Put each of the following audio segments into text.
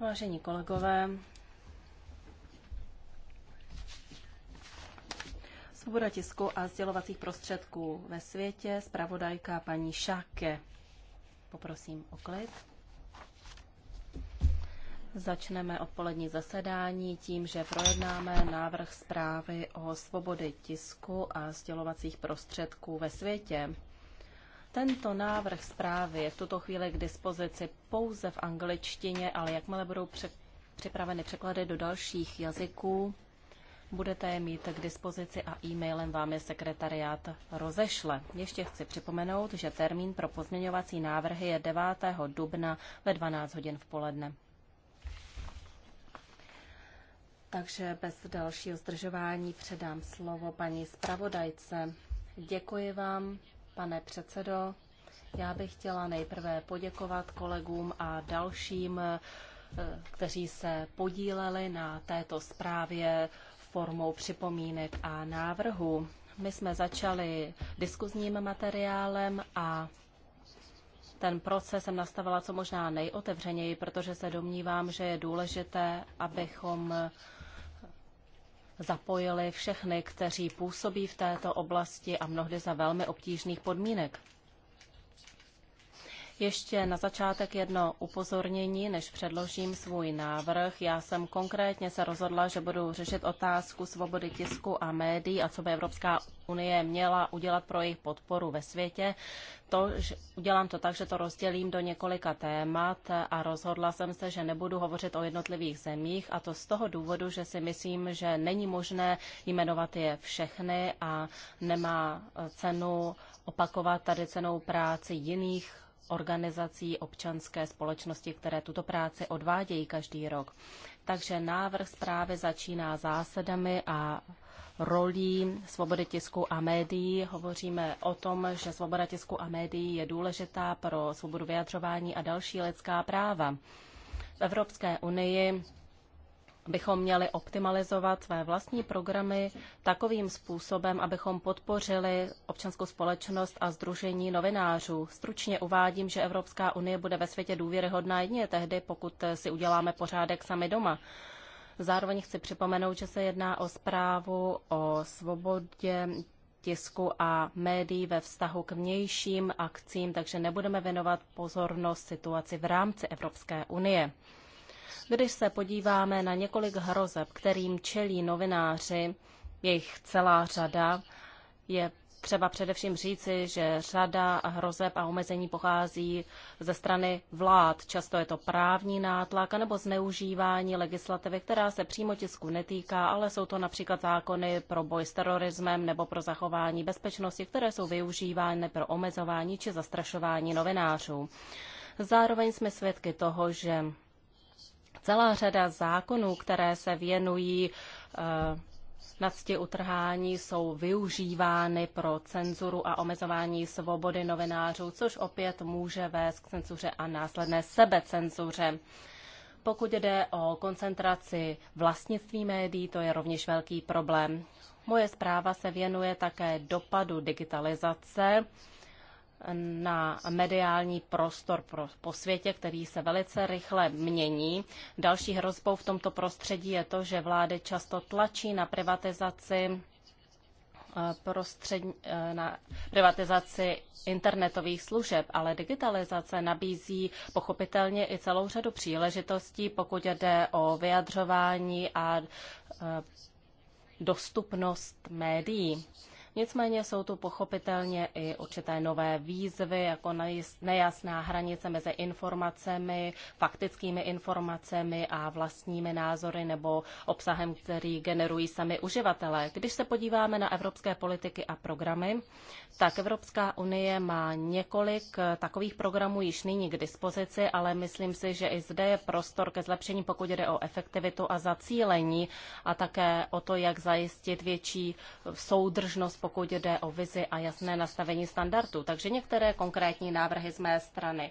Vážení kolegové, Svoboda tisku a sdělovacích prostředků ve světě, zpravodajka paní Šáke. Poprosím o klid. Začneme odpolední zasedání tím, že projednáme návrh zprávy o svobody tisku a sdělovacích prostředků ve světě. Tento návrh zprávy je v tuto chvíli k dispozici pouze v angličtině, ale jakmile budou připraveny překlady do dalších jazyků, budete je mít k dispozici a e-mailem vám je sekretariát rozešle. Ještě chci připomenout, že termín pro pozměňovací návrhy je 9. dubna ve 12 hodin v poledne. Takže bez dalšího zdržování předám slovo paní zpravodajce. Děkuji vám pane předsedo. Já bych chtěla nejprve poděkovat kolegům a dalším, eh, kteří se podíleli na této zprávě formou připomínek a návrhu. My jsme začali diskuzním materiálem a ten proces jsem nastavila co možná nejotevřeněji, protože se domnívám, že je důležité, abychom zapojili všechny, kteří působí v této oblasti a mnohdy za velmi obtížných podmínek. Ještě na začátek jedno upozornění, než předložím svůj návrh. Já jsem konkrétně se rozhodla, že budu řešit otázku svobody tisku a médií a co by Evropská unie měla udělat pro jejich podporu ve světě. To, že udělám to tak, že to rozdělím do několika témat a rozhodla jsem se, že nebudu hovořit o jednotlivých zemích a to z toho důvodu, že si myslím, že není možné jmenovat je všechny a nemá cenu opakovat tady cenou práci jiných organizací občanské společnosti, které tuto práci odvádějí každý rok. Takže návrh zprávy začíná zásadami a rolí svobody tisku a médií. Hovoříme o tom, že svoboda tisku a médií je důležitá pro svobodu vyjadřování a další lidská práva. V Evropské unii bychom měli optimalizovat své vlastní programy takovým způsobem, abychom podpořili občanskou společnost a združení novinářů. Stručně uvádím, že Evropská unie bude ve světě důvěryhodná jedině tehdy, pokud si uděláme pořádek sami doma. Zároveň chci připomenout, že se jedná o zprávu o svobodě tisku a médií ve vztahu k vnějším akcím, takže nebudeme věnovat pozornost situaci v rámci Evropské unie. Když se podíváme na několik hrozeb, kterým čelí novináři, jejich celá řada, je třeba především říci, že řada hrozeb a omezení pochází ze strany vlád. Často je to právní nátlak nebo zneužívání legislativy, která se přímo tisku netýká, ale jsou to například zákony pro boj s terorismem nebo pro zachování bezpečnosti, které jsou využívány pro omezování či zastrašování novinářů. Zároveň jsme svědky toho, že celá řada zákonů, které se věnují eh, na cti utrhání jsou využívány pro cenzuru a omezování svobody novinářů, což opět může vést k cenzuře a následné sebecenzuře. Pokud jde o koncentraci vlastnictví médií, to je rovněž velký problém. Moje zpráva se věnuje také dopadu digitalizace na mediální prostor pro, po světě, který se velice rychle mění. Další hrozbou v tomto prostředí je to, že vlády často tlačí na privatizaci eh, prostřed, eh, na privatizaci internetových služeb, ale digitalizace nabízí pochopitelně i celou řadu příležitostí, pokud jde o vyjadřování a eh, dostupnost médií. Nicméně jsou tu pochopitelně i určité nové výzvy, jako nejasná hranice mezi informacemi, faktickými informacemi a vlastními názory nebo obsahem, který generují sami uživatelé. Když se podíváme na evropské politiky a programy, tak Evropská unie má několik eh, takových programů již nyní k dispozici, ale myslím si, že i zde je prostor ke zlepšení, pokud jde o efektivitu a zacílení a také o to, jak zajistit větší soudržnost pokud jde o vizi a jasné nastavení standardů. Takže některé konkrétní návrhy z mé strany.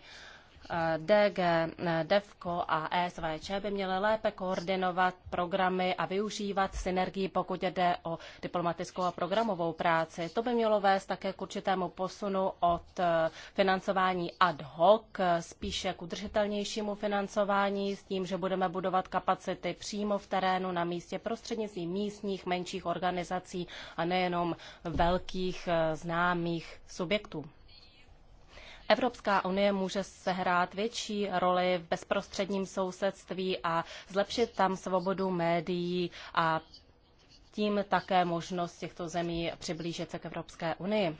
DG, eh, DEVCO a ESVČ by měly lépe koordinovat programy a využívat synergii, pokud jde o diplomatickou a programovou práci. To by mělo vést také k určitému posunu od eh, financování ad hoc eh, spíše k udržitelnějšímu financování s tím, že budeme budovat kapacity přímo v terénu na místě prostřednictvím místních menších organizací a nejenom velkých známých subjektů. Evropská unie může sehrát větší roli v bezprostředním sousedství a zlepšit tam svobodu médií a tím také možnost těchto zemí přiblížit se k Evropské unii.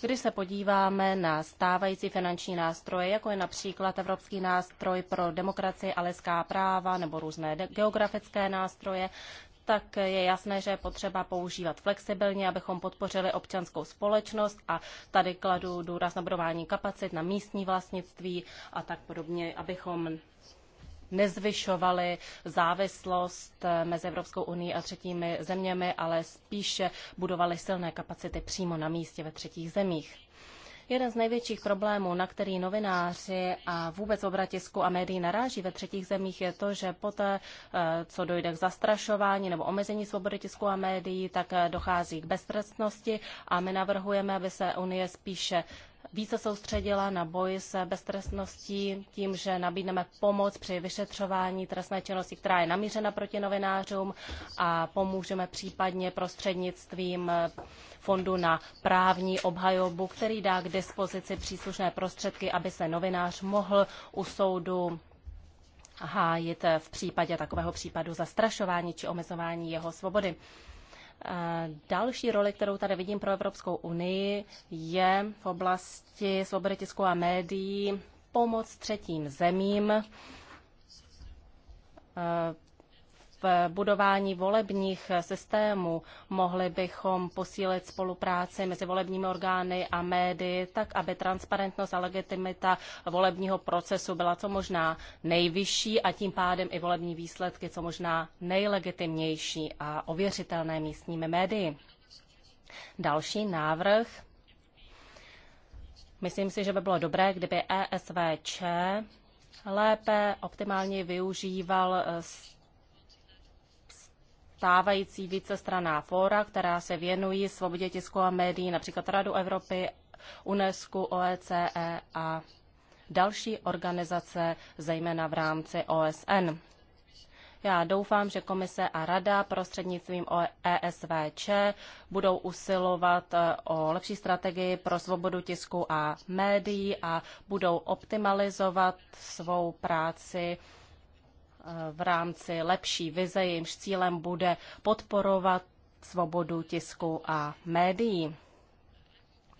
Když se podíváme na stávající finanční nástroje, jako je například Evropský nástroj pro demokracii a lidská práva nebo různé geografické nástroje, tak je jasné, že je potřeba používat flexibilně, abychom podpořili občanskou společnost a tady kladu důraz na budování kapacit, na místní vlastnictví a tak podobně, abychom nezvyšovali závislost mezi Evropskou unii a třetími zeměmi, ale spíše budovali silné kapacity přímo na místě ve třetích zemích. Jeden z největších problémů, na který novináři a vůbec obratisku a médií naráží ve třetích zemích, je to, že poté, eh, co dojde k zastrašování nebo omezení svobody tisku a médií, tak eh, dochází k beztrestnosti a my navrhujeme, aby se Unie spíše více soustředila na boj s beztrestností tím, že nabídneme pomoc při vyšetřování trestné činnosti, která je namířena proti novinářům a pomůžeme případně prostřednictvím fondu na právní obhajobu, který dá k dispozici příslušné prostředky, aby se novinář mohl u soudu hájit v případě takového případu zastrašování či omezování jeho svobody. Další roli, kterou tady vidím pro Evropskou unii, je v oblasti svobody tisku a médií pomoc třetím zemím v budování volebních systémů. Mohli bychom posílit spolupráci mezi volebními orgány a médii, tak aby transparentnost a legitimita volebního procesu byla co možná nejvyšší a tím pádem i volební výsledky co možná nejlegitimnější a ověřitelné místními médii. Další návrh. Myslím si, že by bylo dobré, kdyby ESVČ lépe optimálně využíval stávající vícestraná fóra, která se věnují svobodě tisku a médií, například Radu Evropy, UNESCO, OECD e a další organizace, zejména v rámci OSN. Já doufám, že komise a rada prostřednictvím ESVČ budou usilovat eh, o lepší strategii pro svobodu tisku a médií a budou optimalizovat svou práci v rámci lepší vize, jejímž cílem bude podporovat svobodu tisku a médií.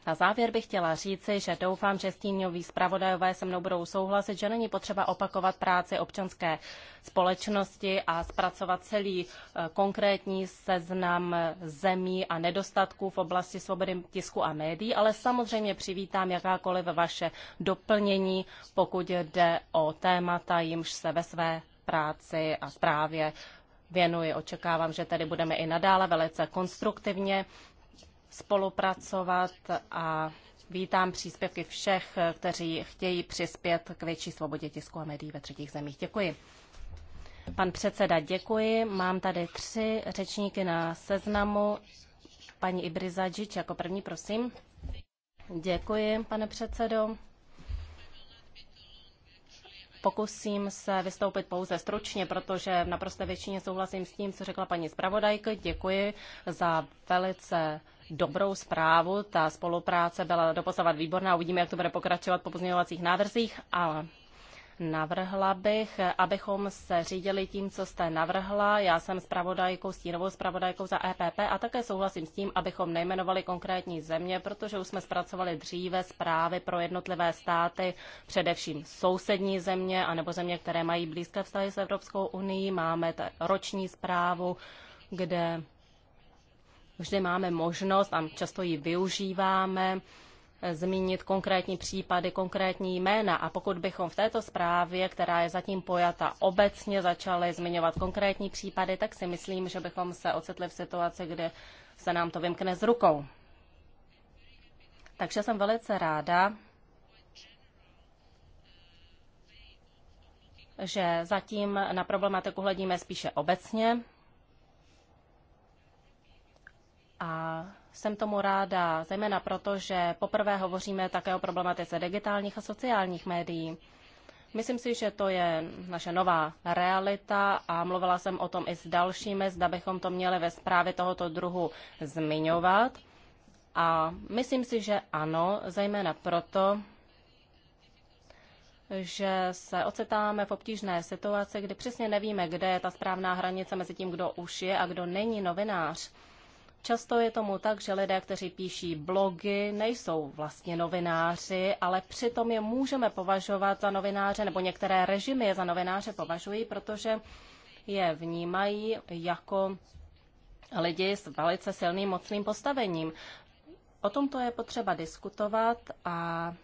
Na závěr bych chtěla říci, že doufám, že stínňoví zpravodajové se mnou budou souhlasit, že není potřeba opakovat práci občanské společnosti a zpracovat celý eh, konkrétní seznam zemí a nedostatků v oblasti svobody tisku a médií, ale samozřejmě přivítám jakákoliv vaše doplnění, pokud jde o témata, jimž se ve své práci a zprávě věnuji. Očekávám, že tady budeme i nadále velice konstruktivně spolupracovat a vítám příspěvky všech, kteří chtějí přispět k větší svobodě tisku a médií ve třetích zemích. Děkuji. Pan předseda, děkuji. Mám tady tři řečníky na seznamu. Paní Ibriza Džič jako první, prosím. Děkuji, pane předsedo. Pokusím se vystoupit pouze stručně, protože v naprosté většině souhlasím s tím, co řekla paní zpravodajka. Děkuji za velice dobrou zprávu. Ta spolupráce byla doposavat výborná. Uvidíme, jak to bude pokračovat po pozměňovacích návrzích, ale Navrhla bych, abychom se řídili tím, co jste navrhla. Já jsem zpravodajkou, stínovou zpravodajkou za EPP a také souhlasím s tím, abychom nejmenovali konkrétní země, protože už jsme zpracovali dříve zprávy pro jednotlivé státy, především sousední země anebo země, které mají blízké vztahy s Evropskou unii. Máme roční zprávu, kde vždy máme možnost a často ji využíváme zmínit konkrétní případy, konkrétní jména. A pokud bychom v této zprávě, která je zatím pojata obecně, začali zmiňovat konkrétní případy, tak si myslím, že bychom se ocitli v situaci, kdy se nám to vymkne z rukou. Takže jsem velice ráda, že zatím na problematiku hledíme spíše obecně a jsem tomu ráda, zejména proto, že poprvé hovoříme také o problematice digitálních a sociálních médií. Myslím si, že to je naše nová realita a mluvila jsem o tom i s dalšími, zda bychom to měli ve zprávě tohoto druhu zmiňovat. A myslím si, že ano, zejména proto, že se ocitáme v obtížné situaci, kdy přesně nevíme, kde je ta správná hranice mezi tím, kdo už je a kdo není novinář. Často je tomu tak, že lidé, kteří píší blogy, nejsou vlastně novináři, ale přitom je můžeme považovat za novináře, nebo některé režimy je za novináře považují, protože je vnímají jako lidi s velice silným mocným postavením. O tomto je potřeba diskutovat a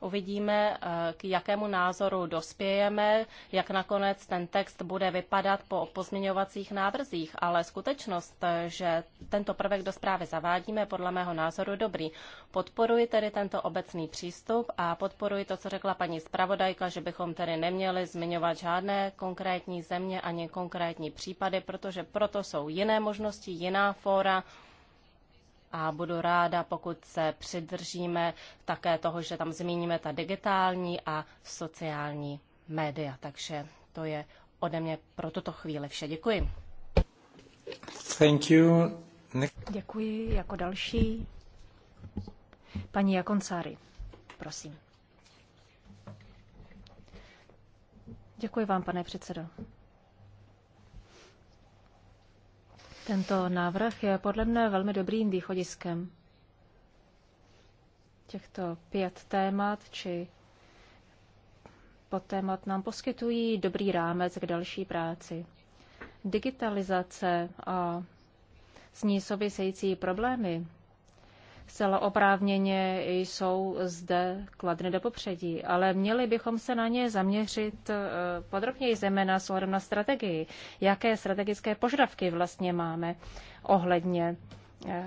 Uvidíme, eh, k jakému názoru dospějeme, jak nakonec ten text bude vypadat po pozměňovacích návrzích, ale skutečnost, eh, že tento prvek do zprávy zavádíme, podle mého názoru dobrý. Podporuji tedy tento obecný přístup a podporuji to, co řekla paní zpravodajka, že bychom tedy neměli zmiňovat žádné konkrétní země ani konkrétní případy, protože proto jsou jiné možnosti, jiná fóra, a budu ráda, pokud se přidržíme také toho, že tam zmíníme ta digitální a sociální média. Takže to je ode mě pro tuto chvíli vše. Děkuji. Thank you. Ne Děkuji. Jako další paní Jakoncári, prosím. Děkuji vám, pane předsedo. Tento návrh je podle mne velmi dobrým východiskem. Těchto pět témat či podtémat nám poskytují dobrý rámec k další práci. Digitalizace a s ní související problémy zcela oprávněně jsou zde kladny do popředí, ale měli bychom se na ně zaměřit eh, podrobněji, zejména s ohledem na strategii. Jaké strategické požadavky vlastně máme ohledně eh,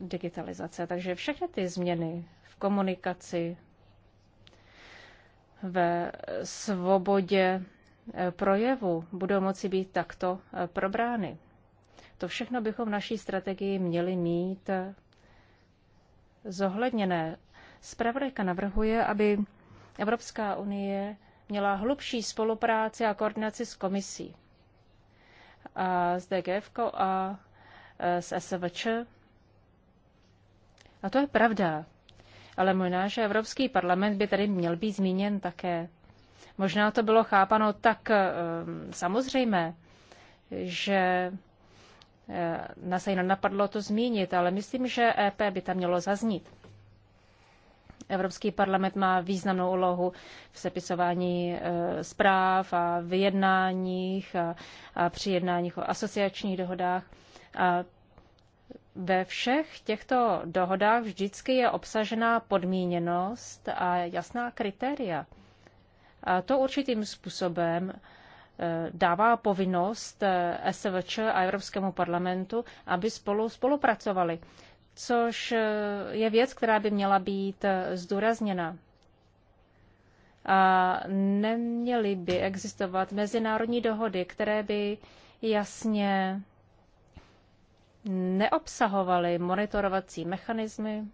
digitalizace. Takže všechny ty změny v komunikaci, ve svobodě eh, projevu budou moci být takto probrány. To všechno bychom v naší strategii měli mít zohledněné. Spravodajka navrhuje, aby Evropská unie měla hlubší spolupráci a koordinaci s komisí a s DGF a e, s SVČ. A to je pravda. Ale možná, že Evropský parlament by tady měl být zmíněn také. Možná to bylo chápano tak um, samozřejmé, že Eh, se jenom napadlo to zmínit, ale myslím, že EP by tam mělo zaznít. Evropský parlament má významnou úlohu v sepisování eh, zpráv a vyjednáních a, a při jednáních o asociačních dohodách. A ve všech těchto dohodách vždycky je obsažená podmíněnost a jasná kritéria. A to určitým způsobem Eh, dává povinnost eh, SVČ a Evropskému parlamentu, aby spolu spolupracovali, což eh, je věc, která by měla být zdůrazněna. A neměly by existovat mezinárodní dohody, které by jasně neobsahovaly monitorovací mechanismy,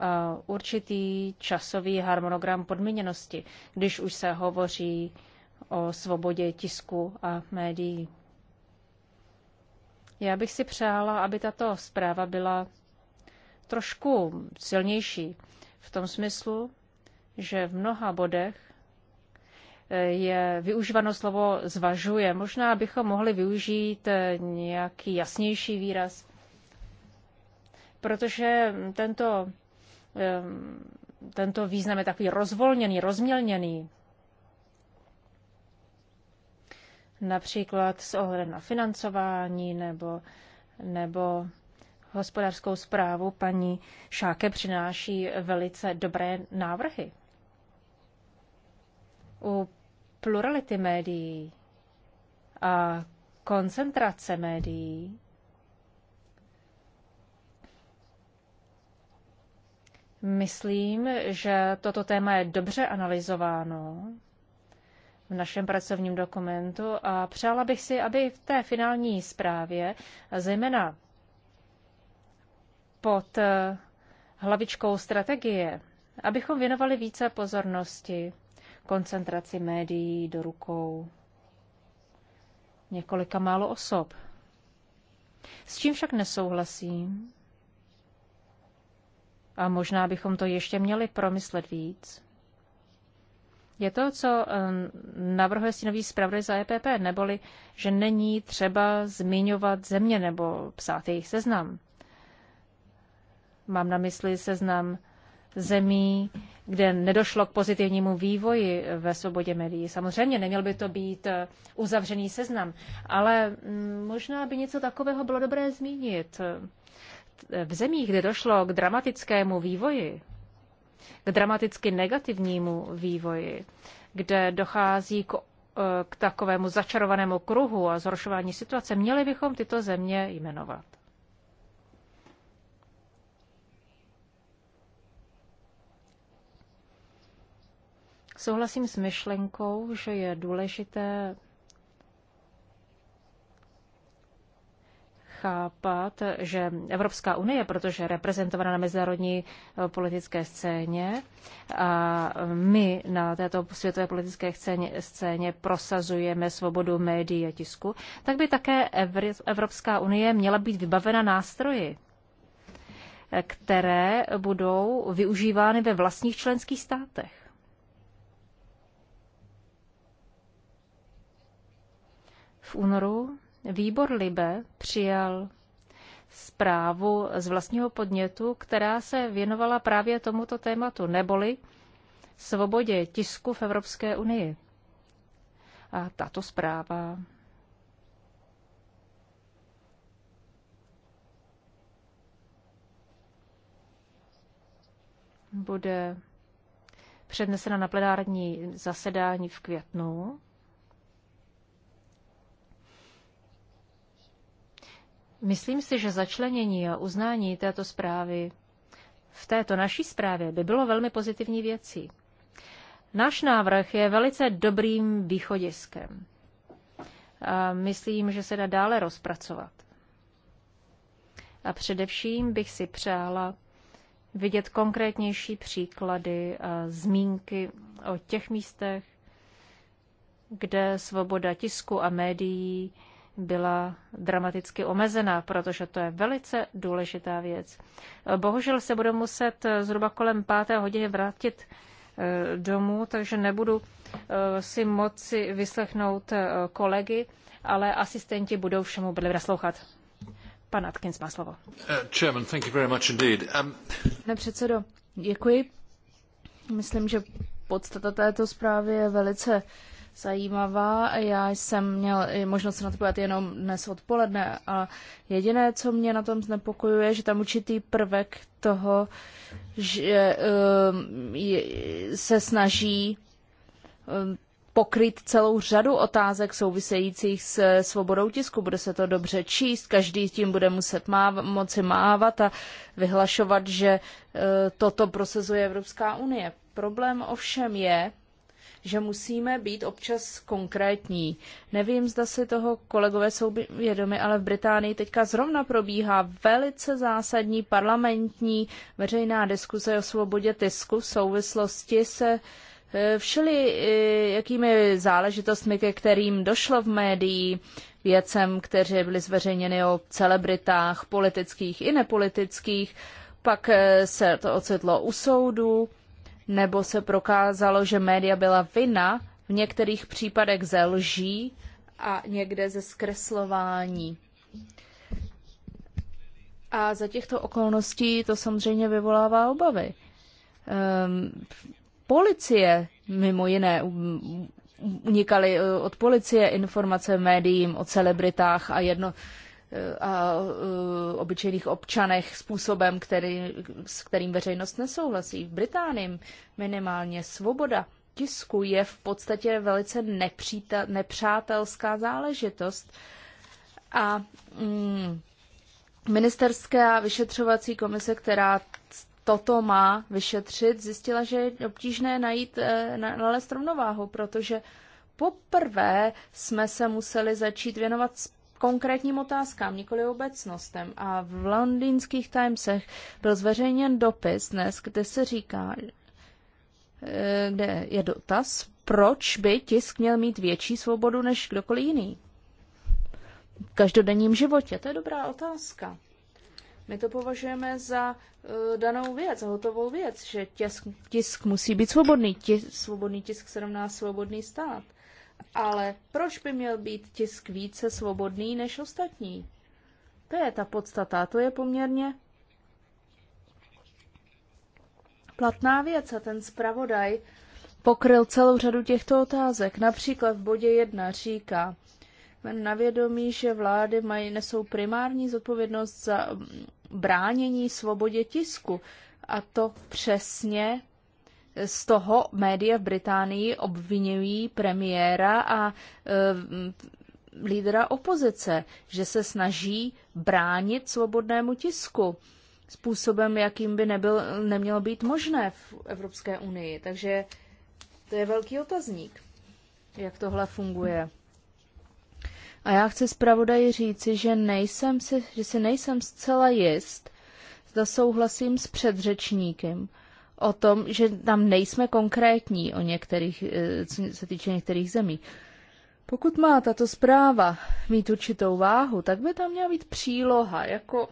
Eh, určitý časový harmonogram podmíněnosti, když už se hovoří o svobodě tisku a médií. Já bych si přála, aby tato zpráva byla trošku silnější v tom smyslu, že v mnoha bodech eh, je využíváno slovo zvažuje. Možná bychom mohli využít eh, nějaký jasnější výraz, protože tento Ehm, tento význam je takový rozvolněný, rozmělněný. Například s ohledem na financování nebo, nebo hospodářskou zprávu paní Šáke přináší velice dobré návrhy. U plurality médií a koncentrace médií Myslím, že toto téma je dobře analyzováno v našem pracovním dokumentu a přála bych si, aby v té finální zprávě, zejména pod eh, hlavičkou strategie, abychom věnovali více pozornosti koncentraci médií do rukou několika málo osob. S čím však nesouhlasím, a možná bychom to ještě měli promyslet víc, je to, co eh, navrhuje nový zpravodaj za EPP, neboli, že není třeba zmiňovat země nebo psát jejich seznam. Mám na mysli seznam zemí, kde nedošlo k pozitivnímu vývoji ve svobodě médií. Samozřejmě neměl by to být eh, uzavřený seznam, ale mm, možná by něco takového bylo dobré zmínit v zemích, kde došlo k dramatickému vývoji, k dramaticky negativnímu vývoji, kde dochází k, eh, k takovému začarovanému kruhu a zhoršování situace, měli bychom tyto země jmenovat. Souhlasím s myšlenkou, že je důležité chápat, že Evropská unie, protože je reprezentovaná na mezinárodní eh, politické scéně a my na této světové politické scéně, scéně prosazujeme svobodu médií a tisku, tak by také Evropská unie měla být vybavena nástroji, které budou využívány ve vlastních členských státech. V únoru výbor Libe přijal zprávu z vlastního podnětu, která se věnovala právě tomuto tématu, neboli svobodě tisku v Evropské unii. A tato zpráva bude přednesena na plenární zasedání v květnu. Myslím si, že začlenění a uznání této zprávy v této naší zprávě by bylo velmi pozitivní věcí. Náš návrh je velice dobrým východiskem. A myslím, že se dá dále rozpracovat. A především bych si přála vidět konkrétnější příklady a zmínky o těch místech, kde svoboda tisku a médií byla dramaticky omezená, protože to je velice důležitá věc. Bohužel se budu muset zhruba kolem páté hodiny vrátit eh, domů, takže nebudu eh, si moci vyslechnout eh, kolegy, ale asistenti budou všemu byli naslouchat. Pan Atkins má slovo. Chairman, thank you very much indeed. Um, Pane předsedo, děkuji. Myslím, že podstata této zprávy je velice zajímavá. Já jsem měl možnost se na to podívat jenom dnes odpoledne a jediné, co mě na tom znepokojuje, že tam určitý prvek toho, že eh, se snaží eh, pokryt celou řadu otázek souvisejících s svobodou tisku. Bude se to dobře číst, každý tím bude muset máv- moci mávat a vyhlašovat, že eh, toto prosazuje Evropská unie. Problém ovšem je, že musíme být občas konkrétní. Nevím, zda si toho kolegové jsou vědomi, ale v Británii teďka zrovna probíhá velice zásadní parlamentní veřejná diskuse o svobodě tisku v souvislosti se e, všeli e, jakými záležitostmi, ke kterým došlo v médiích, věcem, které byly zveřejněny o celebritách, politických i nepolitických, pak e, se to ocitlo u soudu nebo se prokázalo, že média byla vina, v některých případech ze lží a někde ze zkreslování. A za těchto okolností to samozřejmě vyvolává obavy. Um, policie, mimo jiné, unikaly eh, od policie informace médiím o celebritách a jedno, Eh, a eh, obyčejných občanech způsobem, který, s kterým veřejnost nesouhlasí. V Británii minimálně svoboda tisku je v podstatě velice nepřítel, nepřátelská záležitost. A mm, ministerská vyšetřovací komise, která toto má vyšetřit, zjistila, že je obtížné najít, eh, nalézt rovnováhu, protože poprvé jsme se museli začít věnovat konkrétním otázkám, nikoli obecnostem. A v londýnských Timesech byl zveřejněn dopis dnes, kde se říká, eh, kde je dotaz, proč by tisk měl mít větší svobodu než kdokoliv jiný. V každodenním životě? To je dobrá otázka. My to považujeme za uh, danou věc, za hotovou věc, že tisk, tisk musí být svobodný. Tisk, svobodný tisk se rovná svobodný stát. Ale proč by měl být tisk více svobodný než ostatní? To je ta podstata, to je poměrně platná věc a ten zpravodaj pokryl celou řadu těchto otázek. Například v bodě 1 říká, na vědomí, že vlády mají, nesou primární zodpovědnost za bránění svobodě tisku. A to přesně z toho média v Británii obvinují premiéra a e, lídra opozice, že se snaží bránit svobodnému tisku způsobem, jakým by nebyl, nemělo být možné v Evropské unii. Takže to je velký otazník, jak tohle funguje. A já chci zpravodaji říci, že, nejsem si, že si nejsem zcela jist, zda souhlasím s předřečníkem, o tom, že tam nejsme konkrétní o některých, eh, co se týče některých zemí. Pokud má tato zpráva mít určitou váhu, tak by tam měla být příloha, jako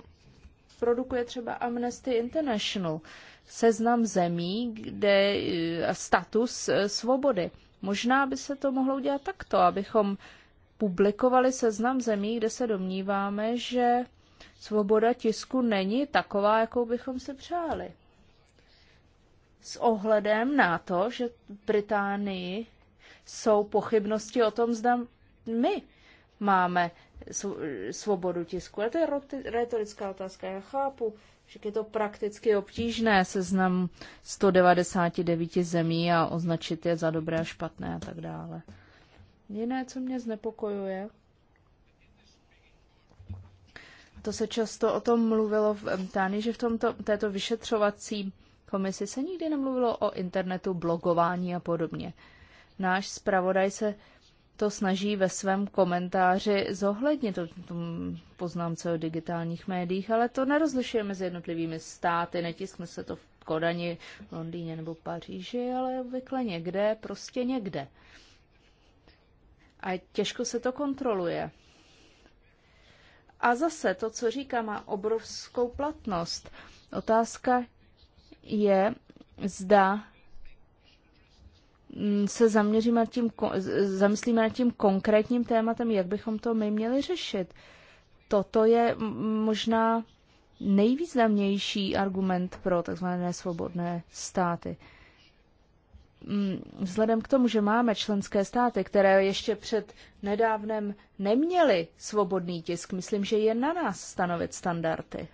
produkuje třeba Amnesty International, seznam zemí, kde eh, status eh, svobody. Možná by se to mohlo udělat takto, abychom publikovali seznam zemí, kde se domníváme, že svoboda tisku není taková, jakou bychom si přáli s ohledem na to, že v Británii jsou pochybnosti o tom, zda my máme svobodu tisku. A to je retorická otázka. Já chápu, že je to prakticky obtížné seznam 199 zemí a označit je za dobré a špatné a tak dále. Jiné, co mě znepokojuje, to se často o tom mluvilo v Británii, že v tomto, této vyšetřovací komisi se nikdy nemluvilo o internetu, blogování a podobně. Náš zpravodaj se to snaží ve svém komentáři zohlednit to, to poznámce o digitálních médiích, ale to nerozlišujeme mezi jednotlivými státy, netiskne se to v Kodani, Londýně nebo Paříži, ale obvykle někde, prostě někde. A těžko se to kontroluje. A zase to, co říká, má obrovskou platnost. Otázka je, zda mm, se zaměříme nad tím, zamyslíme nad tím konkrétním tématem, jak bychom to my měli řešit. Toto je možná nejvýznamnější argument pro tzv. svobodné státy. Mm, vzhledem k tomu, že máme členské státy, které ještě před nedávnem neměly svobodný tisk, myslím, že je na nás stanovit standardy.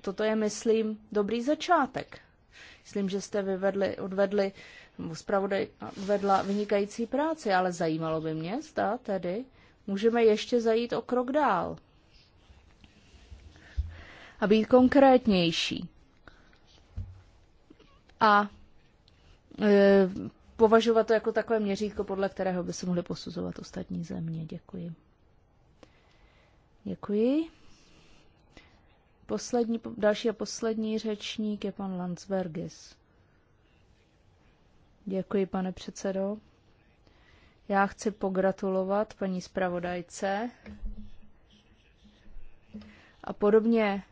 Toto je, myslím, dobrý začátek. Myslím, že jste vyvedli, odvedli, zpravodaj vedla vynikající práci, ale zajímalo by mě, zda tedy můžeme ještě zajít o krok dál a být konkrétnější. A e, považovat to jako takové měřítko, podle kterého by se mohly posuzovat ostatní země. Děkuji. Děkuji. Poslední, další a poslední řečník je pan Landsbergis. Děkuji, pane předsedo. Já chci pogratulovat paní zpravodajce. A podobně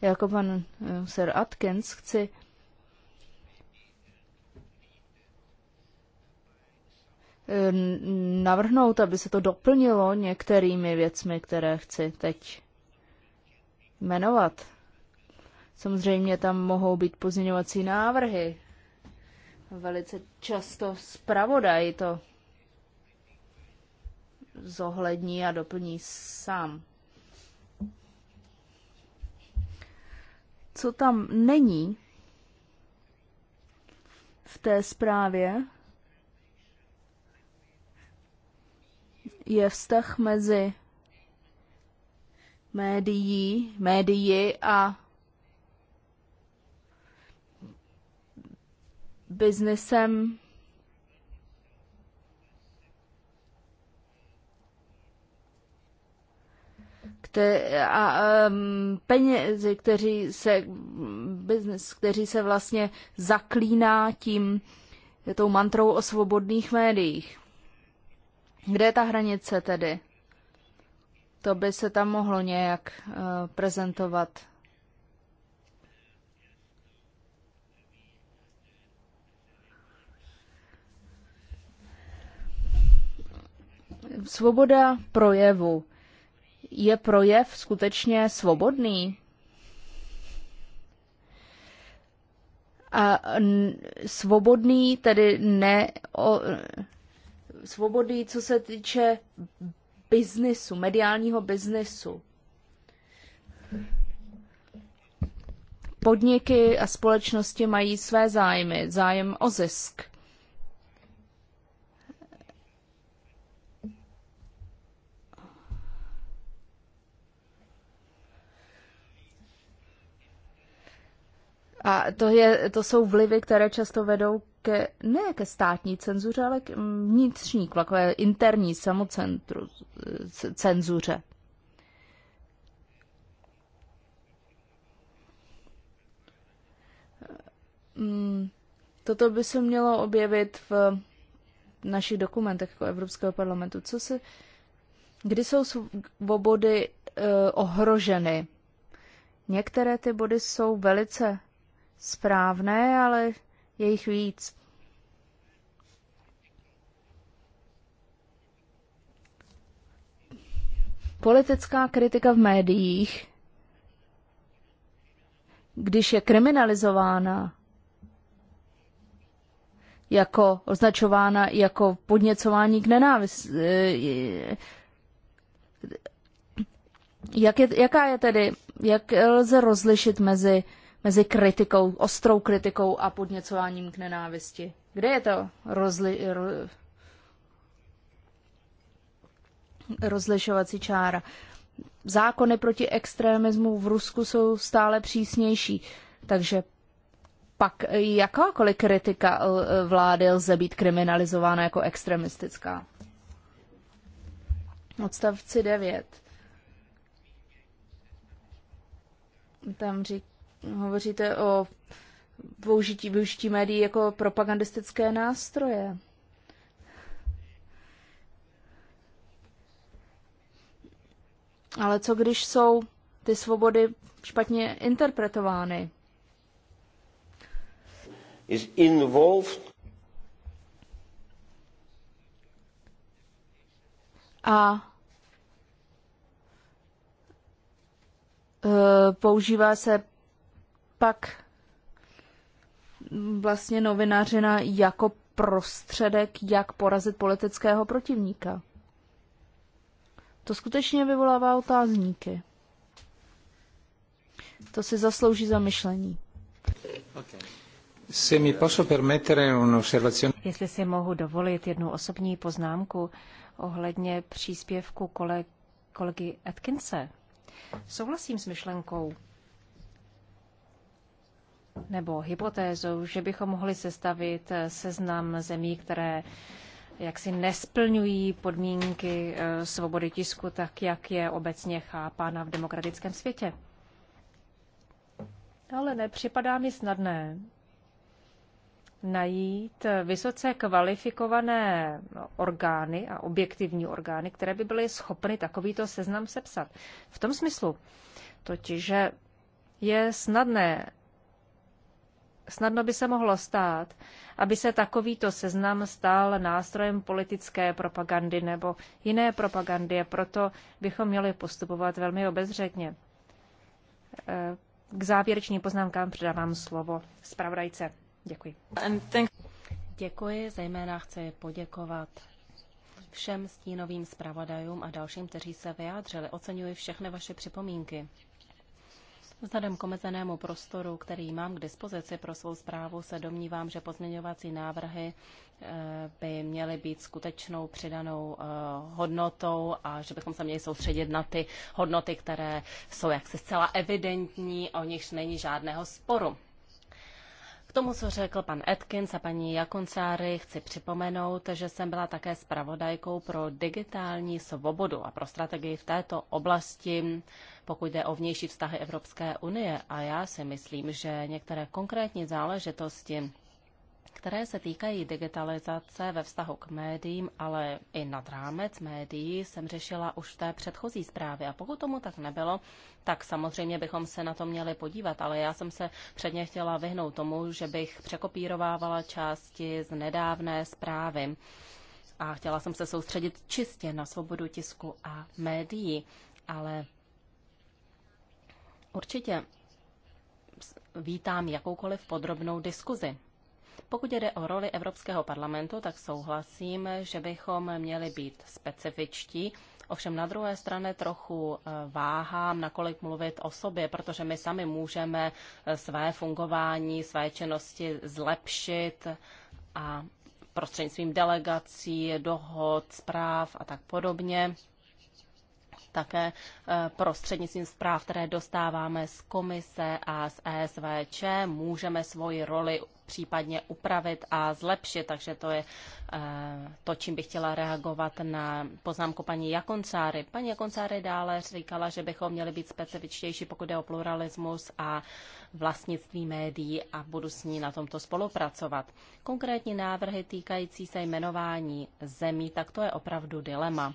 jako pan eh, Sir Atkins chci eh, navrhnout, aby se to doplnilo některými věcmi, které chci teď jmenovat. Samozřejmě tam mohou být pozměňovací návrhy. Velice často zpravodaj to zohlední a doplní sám. Co tam není v té zprávě, je vztah mezi médií, médií a biznesem a um, penězi, kteří se, business, kteří se vlastně zaklíná tím, tou mantrou o svobodných médiích. Kde je ta hranice tedy? To by se tam mohlo nějak eh, prezentovat. Svoboda projevu. Je projev skutečně svobodný? A svobodný, tedy ne, o, svobodný, co se týče biznesu, mediálního biznesu. Podniky a společnosti mají své zájmy, zájem o zisk. A to, je, to jsou vlivy, které často vedou ke, ne ke státní cenzuře, ale k vnitřní, k takové interní samocentru, cenzuře. Hmm, toto by se mělo objevit v našich dokumentech jako Evropského parlamentu. Co se, kdy jsou svobody uh, ohroženy? Některé ty body jsou velice správné, ale je jich víc. Politická kritika v médiích, když je kriminalizována, jako označována jako podněcování k nenávisti. Eh, jak je, jaká je tedy, jak lze rozlišit mezi mezi kritikou, ostrou kritikou a podněcováním k nenávisti? Kde je to rozli, ro, rozlišovací čára? Zákony proti extremismu v Rusku jsou stále přísnější, takže pak jakákoliv kritika vlády lze být kriminalizována jako extremistická. Odstavci 9. Tam říká, Hovoříte o použití, využití médií jako propagandistické nástroje. Ale co když jsou ty svobody špatně interpretovány? Is involved. A e, používá se pak vlastně novinářina jako prostředek, jak porazit politického protivníka. To skutečně vyvolává otázníky. To si zaslouží zamyšlení. Okay. Se mi posso permettere un'osservazione? Jestli si mohu dovolit jednu osobní poznámku ohledně příspěvku kole, kolegy Atkinse. Souhlasím s myšlenkou, nebo hypotézou, že bychom mohli sestavit eh, seznam zemí, které jaksi nesplňují podmínky eh, svobody tisku tak, jak je obecně chápána v demokratickém světě. Ale nepřipadá mi snadné najít vysoce kvalifikované orgány a objektivní orgány, které by byly schopny takovýto seznam sepsat. V tom smyslu totiž, že je snadné Snadno by se mohlo stát, aby se takovýto seznam stal nástrojem politické propagandy nebo jiné propagandy a proto bychom měli postupovat velmi obezřetně. K závěrečným poznámkám předávám slovo zpravodajce. Děkuji. Děkuji, zejména chci poděkovat všem stínovým zpravodajům a dalším, kteří se vyjádřili. Oceňuji všechny vaše připomínky. Vzhledem k omezenému prostoru, který mám k dispozici pro svou zprávu, se domnívám, že pozměňovací návrhy eh, by měly být skutečnou přidanou eh, hodnotou a že bychom se měli soustředit na ty hodnoty, které jsou jaksi zcela evidentní, o nichž není žádného sporu. K tomu, co řekl pan Atkins a paní Jakoncáry, chci připomenout, že jsem byla také zpravodajkou pro digitální svobodu a pro strategii v této oblasti, pokud jde o vnější vztahy Evropské unie. A já si myslím, že některé konkrétní záležitosti které se týkají digitalizace ve vztahu k médiím, ale i nad rámec médií jsem řešila už v té předchozí zprávě. A pokud tomu tak nebylo, tak samozřejmě bychom se na to měli podívat, ale já jsem se předně chtěla vyhnout tomu, že bych překopírovávala části z nedávné zprávy. A chtěla jsem se soustředit čistě na svobodu tisku a médií, ale určitě vítám jakoukoliv podrobnou diskuzi. Pokud jde o roli Evropského parlamentu, tak souhlasím, že bychom měli být specifičtí. Ovšem na druhé straně trochu eh, váhám, nakolik mluvit o sobě, protože my sami můžeme eh, své fungování, své činnosti zlepšit a prostřednictvím delegací, dohod, zpráv a tak podobně také eh, prostřednictvím zpráv, které dostáváme z komise a z ESVČ, můžeme svoji roli případně upravit a zlepšit. Takže to je eh, to, čím bych chtěla reagovat na poznámku paní Jakoncáry. Paní Jakoncáry dále říkala, že bychom měli být specifičtější, pokud je o pluralismus a vlastnictví médií a budu s ní na tomto spolupracovat. Konkrétní návrhy týkající se jmenování zemí, tak to je opravdu dilema.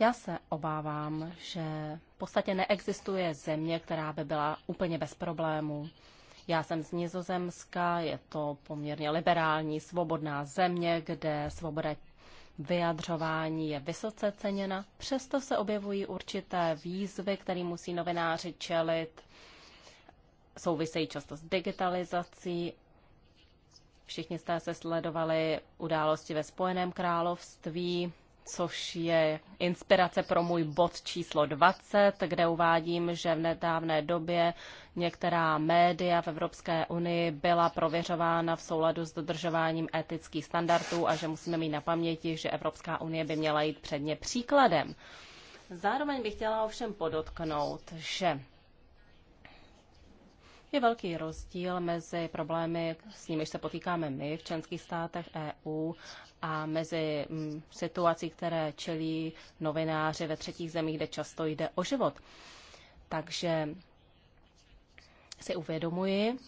Já se obávám, že podstatě neexistuje země, která by byla úplně bez problémů. Já jsem z Nizozemska, je to poměrně liberální, svobodná země, kde svoboda vyjadřování je vysoce ceněna. Přesto se objevují určité výzvy, které musí novináři čelit. Souvisejí často s digitalizací. Všichni jste se sledovali události ve Spojeném království, což je inspirace pro můj bod číslo 20, kde uvádím, že v nedávné době některá média v Evropské unii byla prověřována v souladu s dodržováním etických standardů a že musíme mít na paměti, že Evropská unie by měla jít předně příkladem. Zároveň bych chtěla ovšem podotknout, že je velký rozdíl mezi problémy, s nimiž se potýkáme my v členských státech EU a mezi mm, situací, které čelí novináři ve třetích zemích, kde často jde o život. Takže si uvědomuji,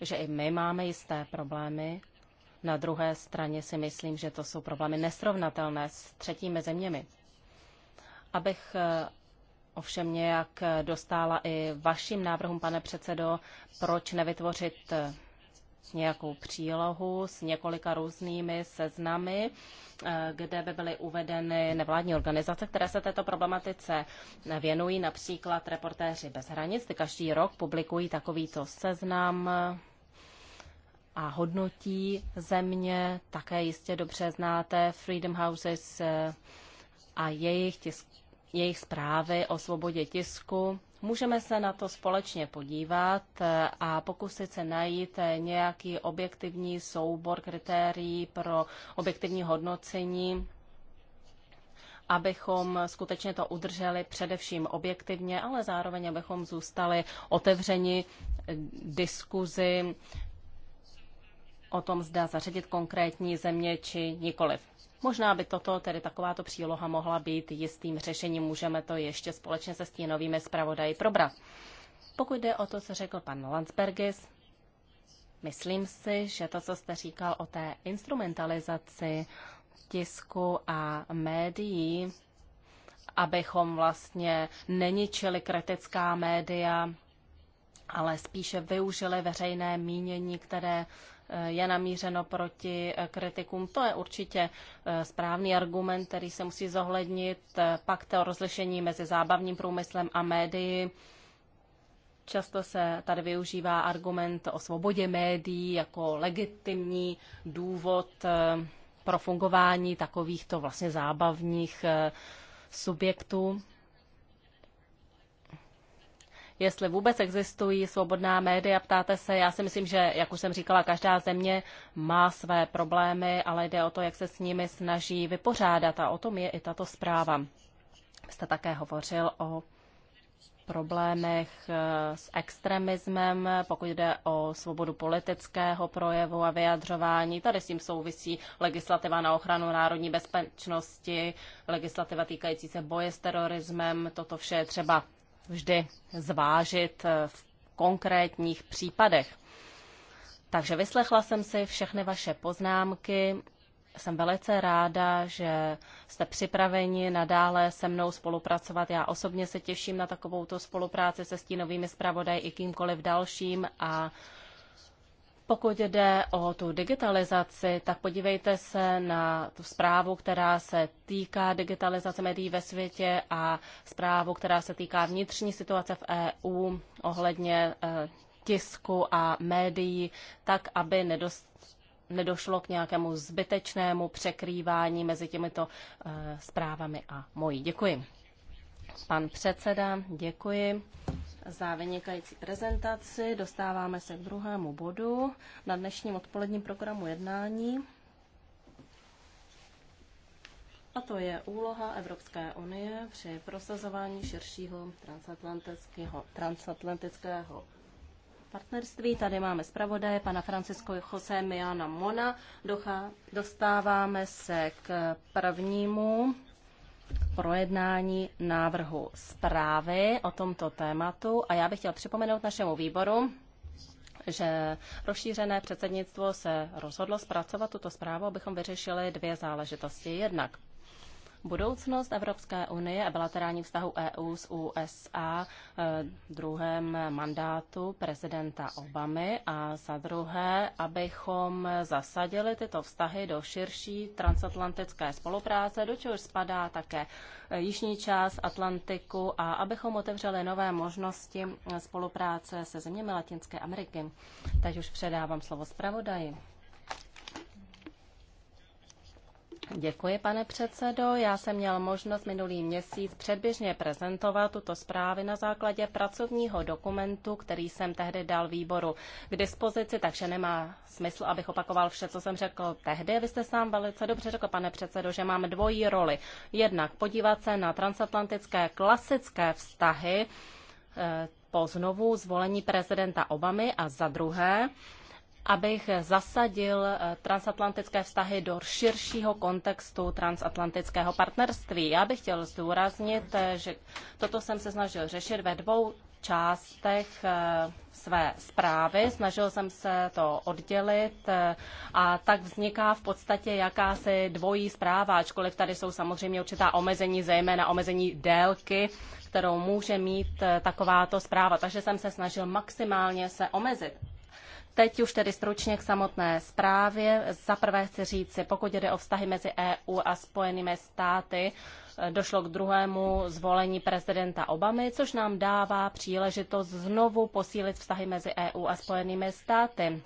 že i my máme jisté problémy. Na druhé straně si myslím, že to jsou problémy nesrovnatelné s třetími zeměmi. Abych eh, ovšem nějak dostála i vašim návrhům, pane předsedo, proč nevytvořit nějakou přílohu s několika různými seznamy, kde by byly uvedeny nevládní organizace, které se této problematice věnují, například reportéři bez hranic. Ty každý rok publikují takovýto seznam a hodnotí země. Také jistě dobře znáte Freedom Houses a jejich tisk jejich zprávy o svobodě tisku. Můžeme se na to společně podívat a pokusit se najít nějaký objektivní soubor kritérií pro objektivní hodnocení, abychom skutečně to udrželi především objektivně, ale zároveň abychom zůstali otevřeni diskuzi o tom, zda zařadit konkrétní země či nikoliv. Možná by toto, tedy takováto příloha, mohla být jistým řešením. Můžeme to ještě společně se stínovými zpravodaji probrat. Pokud jde o to, co řekl pan Landsbergis, myslím si, že to, co jste říkal o té instrumentalizaci tisku a médií, abychom vlastně neničili kritická média, ale spíše využili veřejné mínění, které Eh, je namířeno proti eh, kritikům. To je určitě eh, správný argument, který se musí zohlednit. Pak to rozlišení mezi zábavním průmyslem a médií. Často se tady využívá argument o svobodě médií jako legitimní důvod pro fungování takovýchto vlastně zábavních subjektů jestli vůbec existují svobodná média. Ptáte se, já si myslím, že, jak už jsem říkala, každá země má své problémy, ale jde o to, jak se s nimi snaží vypořádat a o tom je i tato zpráva. Jste také hovořil o problémech eh, s extremismem, pokud jde o svobodu politického projevu a vyjadřování. Tady s tím souvisí legislativa na ochranu národní bezpečnosti, legislativa týkající se boje s terorismem. Toto vše je třeba vždy zvážit eh, v konkrétních případech. Takže vyslechla jsem si všechny vaše poznámky. Jsem velice ráda, že jste připraveni nadále se mnou spolupracovat. Já osobně se těším na takovouto spolupráci se stínovými zpravodaji i kýmkoliv dalším a pokud jde o tu digitalizaci, tak podívejte se na tu zprávu, která se týká digitalizace médií ve světě a zprávu, která se týká vnitřní situace v EU ohledně eh, tisku a médií, tak aby nedost nedošlo k nějakému zbytečnému překrývání mezi těmito eh, zprávami a mojí. Děkuji. Pan předseda, děkuji za vynikající prezentaci. Dostáváme se k druhému bodu na dnešním odpoledním programu jednání. A to je úloha Evropské unie při prosazování širšího transatlantického, transatlantického partnerství. Tady máme zpravodaje pana Francisco Jose Miana Mona. Docha, dostáváme se k prvnímu projednání návrhu zprávy o tomto tématu a já bych chtěl připomenout našemu výboru, že rozšířené předsednictvo se rozhodlo zpracovat tuto zprávu, abychom vyřešili dvě záležitosti. Jednak budoucnost Evropské unie a bilaterální vztahu e EU s USA eh, druhém mandátu prezidenta Obamy a za druhé, abychom zasadili tyto vztahy do širší transatlantické spolupráce, do čehož spadá také eh, jižní část Atlantiku a abychom otevřeli nové možnosti spolupráce se zeměmi Latinské Ameriky. Teď už předávám slovo zpravodaji. Děkuji, pane předsedo. Já jsem měl možnost minulý měsíc předběžně prezentovat tuto zprávu na základě pracovního dokumentu, který jsem tehdy dal výboru k dispozici, takže nemá smysl, abych opakoval vše, co jsem řekl tehdy. Vy jste sám velice dobře řekl, pane předsedo, že mám dvojí roli. Jednak podívat se na transatlantické klasické vztahy eh, po znovu zvolení prezidenta Obamy a za druhé abych zasadil eh, transatlantické vztahy do širšího kontextu transatlantického partnerství. Já bych chtěl zdůraznit, eh, že toto jsem se snažil řešit ve dvou částech eh, své zprávy. Snažil jsem se to oddělit a tak vzniká v podstatě jakási dvojí zpráva, ačkoliv tady jsou samozřejmě určitá omezení, zejména omezení délky, kterou může mít takováto zpráva. Takže jsem se snažil maximálně se omezit. Teď už tedy stručně k samotné zprávě. Za prvé chci říci, pokud jde o vztahy mezi EU a Spojenými státy, došlo k druhému zvolení prezidenta Obamy, což nám dává příležitost znovu posílit vztahy mezi EU a Spojenými státy.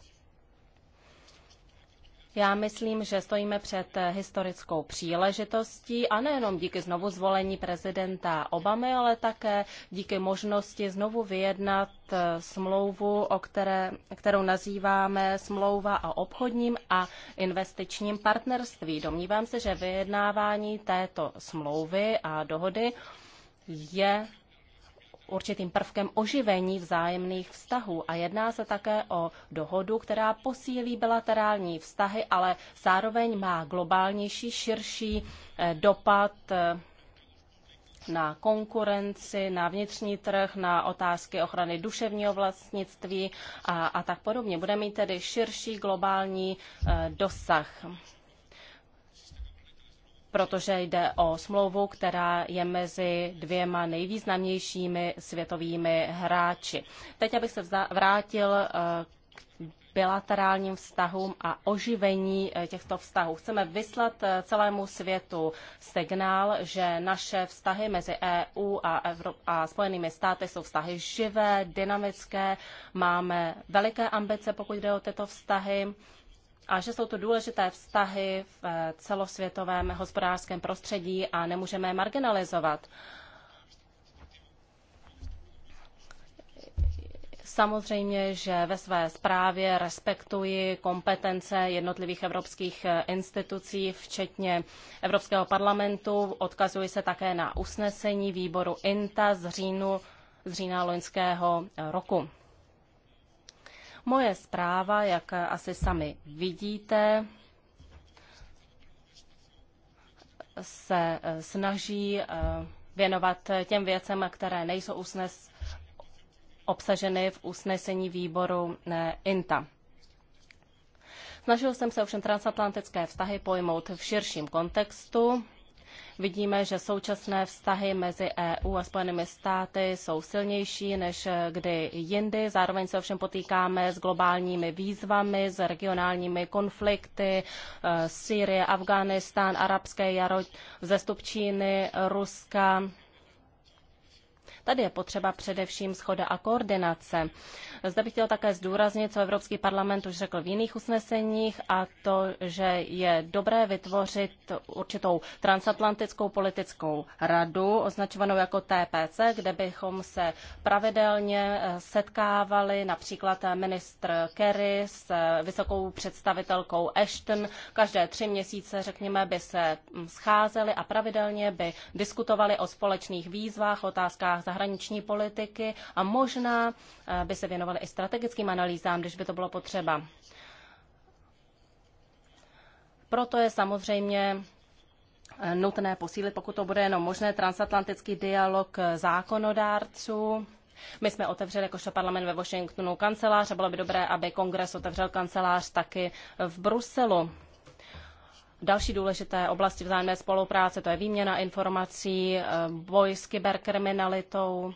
Já myslím, že stojíme před eh, historickou příležitostí a nejenom díky znovu zvolení prezidenta Obamy, ale také díky možnosti znovu vyjednat eh, smlouvu, o které, kterou nazýváme smlouva o obchodním a investičním partnerství. Domnívám se, že vyjednávání této smlouvy a dohody je určitým prvkem oživení vzájemných vztahů a jedná se také o dohodu, která posílí bilaterální vztahy, ale zároveň má globálnější, širší eh, dopad eh, na konkurenci, na vnitřní trh, na otázky ochrany duševního vlastnictví a, a tak podobně. Bude mít tedy širší globální eh, dosah protože jde o smlouvu, která je mezi dvěma nejvýznamnějšími světovými hráči. Teď, abych se vrátil eh, k bilaterálním vztahům a oživení eh, těchto vztahů. Chceme vyslat eh, celému světu signál, že naše vztahy mezi EU a, Evro- a Spojenými státy jsou vztahy živé, dynamické, máme veliké ambice, pokud jde o tyto vztahy a že jsou to důležité vztahy v eh, celosvětovém hospodářském prostředí a nemůžeme je marginalizovat. Samozřejmě, že ve své zprávě respektuji kompetence jednotlivých evropských eh, institucí, včetně Evropského parlamentu. Odkazuji se také na usnesení výboru INTA z, říjnu, z října loňského eh, roku. Moje zpráva, jak asi sami vidíte, se eh, snaží eh, věnovat těm věcem, které nejsou usnes, obsaženy v usnesení výboru eh, INTA. Snažil jsem se ovšem transatlantické vztahy pojmout v širším kontextu vidíme, že současné vztahy mezi EU a Spojenými státy jsou silnější než kdy jindy. Zároveň se ovšem potýkáme s globálními výzvami, s regionálními konflikty, eh, Syrie, Afghánistán, arabské jaro, zestup Číny, Ruska, Tady je potřeba především schoda a koordinace. Zde bych chtěl také zdůraznit, co Evropský parlament už řekl v jiných usneseních, a to, že je dobré vytvořit určitou transatlantickou politickou radu, označovanou jako TPC, kde bychom se pravidelně eh, setkávali, například eh, ministr Kerry s eh, vysokou představitelkou Ashton. Každé tři měsíce, řekněme, by se hm, scházeli a pravidelně by diskutovali o společných výzvách, otázkách zahraniční politiky a možná eh, by se věnovali i strategickým analýzám, když by to bylo potřeba. Proto je samozřejmě eh, nutné posílit, pokud to bude jenom možné, transatlantický dialog eh, zákonodárců. My jsme otevřeli jakožto parlament ve Washingtonu kancelář a bylo by dobré, aby kongres otevřel kancelář taky v Bruselu další důležité oblasti vzájemné spolupráce, to je výměna informací, eh, boj s kyberkriminalitou.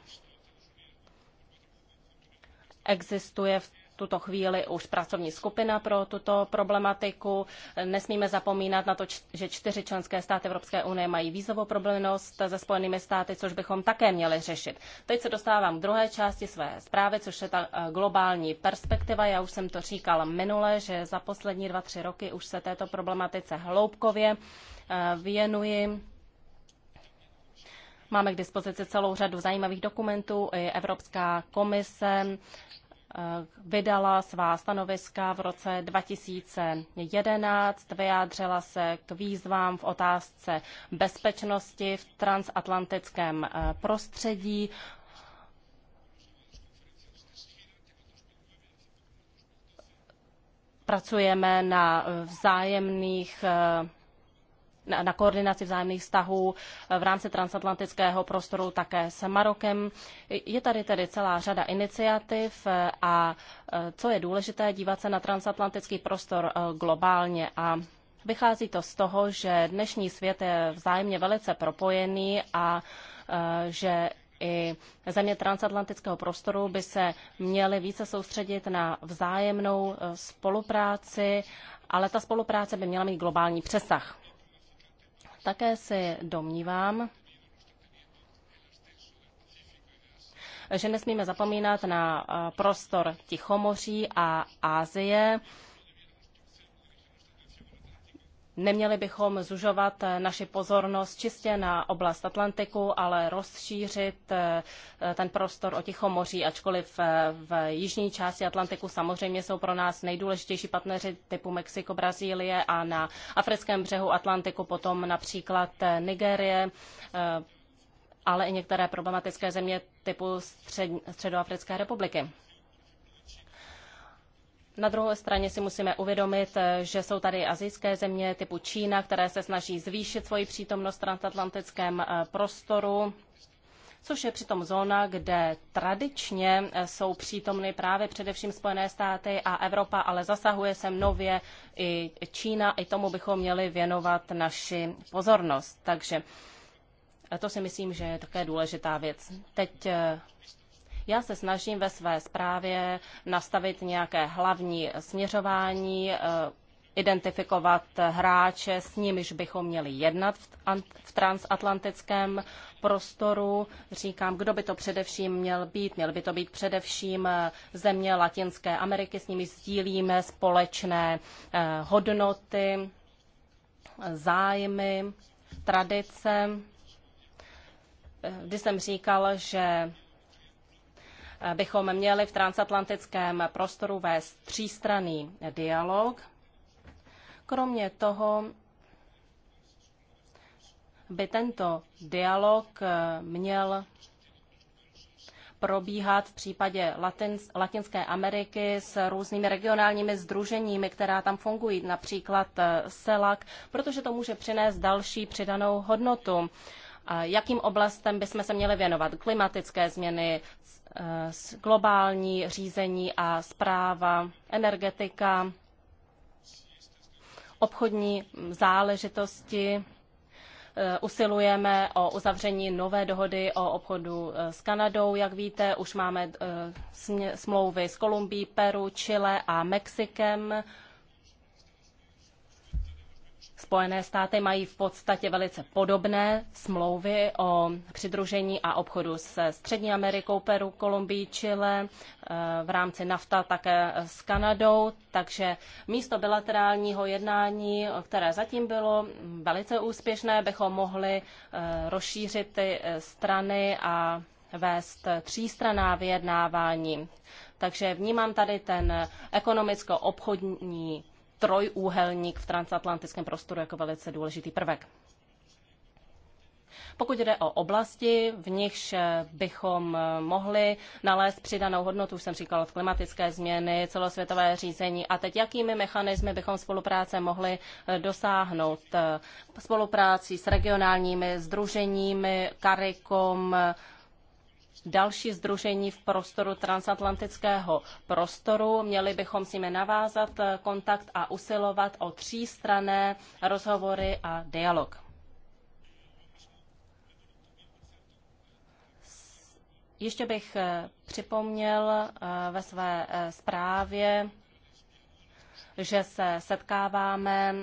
Existuje v tuto chvíli už pracovní skupina pro tuto problematiku. Nesmíme zapomínat na to, že čtyři členské státy Evropské unie mají vízovou problémnost se Spojenými státy, což bychom také měli řešit. Teď se dostávám k druhé části své zprávy, což je ta eh, globální perspektiva. Já už jsem to říkal minule, že za poslední dva, tři roky už se této problematice hloubkově eh, věnuji. Máme k dispozici celou řadu zajímavých dokumentů. I Evropská komise Eh, vydala svá stanoviska v roce 2011, vyjádřila se k výzvám v otázce bezpečnosti v transatlantickém eh, prostředí. Pracujeme na eh, vzájemných na koordinaci vzájemných vztahů eh, v rámci transatlantického prostoru také s Marokem. Je tady tedy celá řada iniciativ eh, a eh, co je důležité, dívat se na transatlantický prostor globálně a Vychází to z toho, že dnešní svět je vzájemně velice propojený a že i země transatlantického prostoru by se měly více soustředit na vzájemnou spolupráci, ale ta spolupráce by měla mít globální přesah. Také se domnívám, že nesmíme zapomínat na eh, prostor Tichomoří a Ázie. Neměli bychom zužovat eh, naši pozornost čistě na oblast Atlantiku, ale rozšířit eh, eh, ten prostor o Tichomoří, ačkoliv v jižní části Atlantiku samozřejmě jsou pro nás nejdůležitější partneři typu Mexiko, Brazílie a na africkém břehu Atlantiku potom například Nigérie, ale i některé problematické země typu Střed, Středoafrické republiky. Na druhé straně si musíme uvědomit, eh, že jsou tady azijské země typu Čína, které se snaží zvýšit svoji přítomnost v transatlantickém eh, prostoru což je přitom zóna, kde tradičně eh, jsou přítomny právě především Spojené státy a Evropa, ale zasahuje sem nově i Čína. I tomu bychom měli věnovat naši pozornost. Takže to si myslím, že je také důležitá věc. Teď já se snažím ve své zprávě nastavit nějaké hlavní směřování, eh, identifikovat hráče, s nimiž bychom měli jednat v transatlantickém prostoru. Říkám, kdo by to především měl být. Měl by to být především eh, země Latinské Ameriky, s nimi sdílíme společné eh, hodnoty, zájmy, tradice. Když jsem říkal, že bychom měli v transatlantickém prostoru vést třístranný dialog. Kromě toho by tento dialog eh, měl probíhat v případě Latinské Ameriky s různými regionálními združeními, která tam fungují, například eh, SELAC, protože to může přinést další přidanou hodnotu jakým oblastem bychom se měli věnovat. Klimatické změny, globální řízení a zpráva, energetika, obchodní záležitosti. E, usilujeme o uzavření nové dohody o obchodu e, s Kanadou. Jak víte, už máme e, smlouvy s Kolumbií, Peru, Chile a Mexikem Spojené státy mají v podstatě velice podobné smlouvy o přidružení a obchodu se Střední Amerikou, Peru, Kolumbií, Chile, eh, v rámci NAFTA také s Kanadou, takže místo bilaterálního jednání, které zatím bylo velice úspěšné, bychom mohli eh, rozšířit ty eh, strany a vést třístraná vyjednávání. Takže vnímám tady ten ekonomicko-obchodní trojúhelník v transatlantickém prostoru jako velice důležitý prvek. Pokud jde o oblasti, v nichž bychom mohli nalézt přidanou hodnotu, už jsem říkal, od klimatické změny, celosvětové řízení a teď jakými mechanismy bychom spolupráce mohli dosáhnout. Spolupráci s regionálními združeními, karikom další združení v prostoru transatlantického prostoru. Měli bychom s nimi navázat eh, kontakt a usilovat o třístrané rozhovory a dialog. Ještě bych eh, připomněl eh, ve své zprávě, že se setkáváme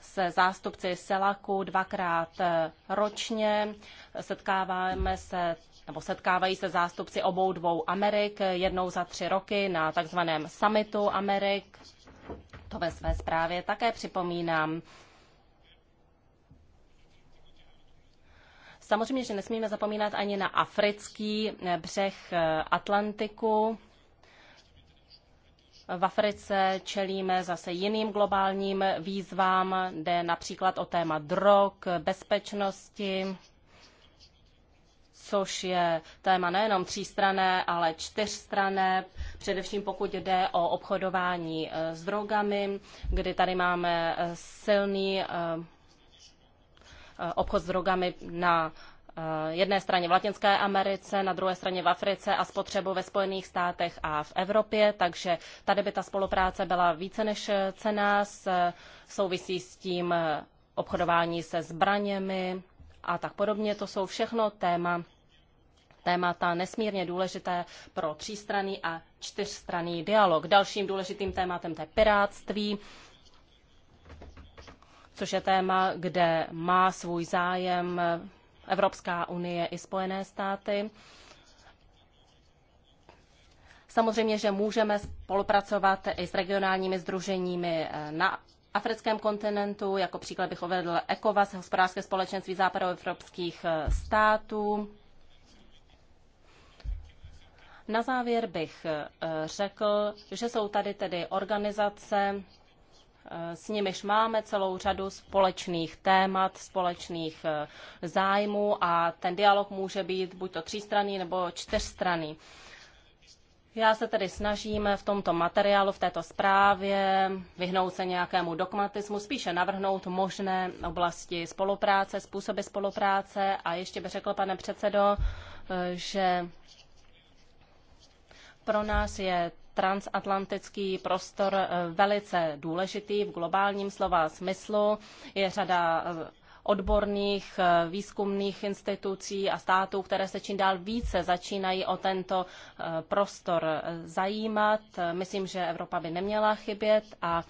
se zástupci Selaku dvakrát ročně. Setkáváme se nebo setkávají se zástupci obou dvou Amerik jednou za tři roky na takzvaném summitu Amerik. To ve své zprávě také připomínám. Samozřejmě, že nesmíme zapomínat ani na africký břeh Atlantiku. V Africe čelíme zase jiným globálním výzvám, jde například o téma drog, bezpečnosti, což je téma nejenom třístrané, ale čtyřstrané, především pokud jde o obchodování eh, s drogami, kdy tady máme eh, silný eh, obchod s drogami na jedné straně v Latinské Americe, na druhé straně v Africe a spotřebu ve Spojených státech a v Evropě, takže tady by ta spolupráce byla více než cená, souvisí s tím obchodování se zbraněmi a tak podobně. To jsou všechno téma, témata nesmírně důležité pro třístranný a čtyřstranný dialog. Dalším důležitým tématem je piráctví, což je téma, kde má svůj zájem Evropská unie i Spojené státy. Samozřejmě, že můžeme spolupracovat i s regionálními združeními eh, na africkém kontinentu, jako příklad bych uvedl ECOWAS, hospodářské společenství západoevropských eh, států. Na závěr bych eh, řekl, že jsou tady tedy organizace, eh, s nimiž máme celou řadu společných témat, společných eh, zájmů a ten dialog může být buď to třístranný nebo čtyřstranný. Já se tedy snažím v tomto materiálu, v této zprávě vyhnout se nějakému dogmatismu, spíše navrhnout možné oblasti spolupráce, způsoby spolupráce a ještě bych řekl, pane předsedo, že pro nás je transatlantický prostor eh, velice důležitý v globálním slova smyslu. Je řada eh, odborných eh, výzkumných institucí a států, které se čím dál více začínají o tento prostor zajímat. Myslím, že Evropa by neměla chybět a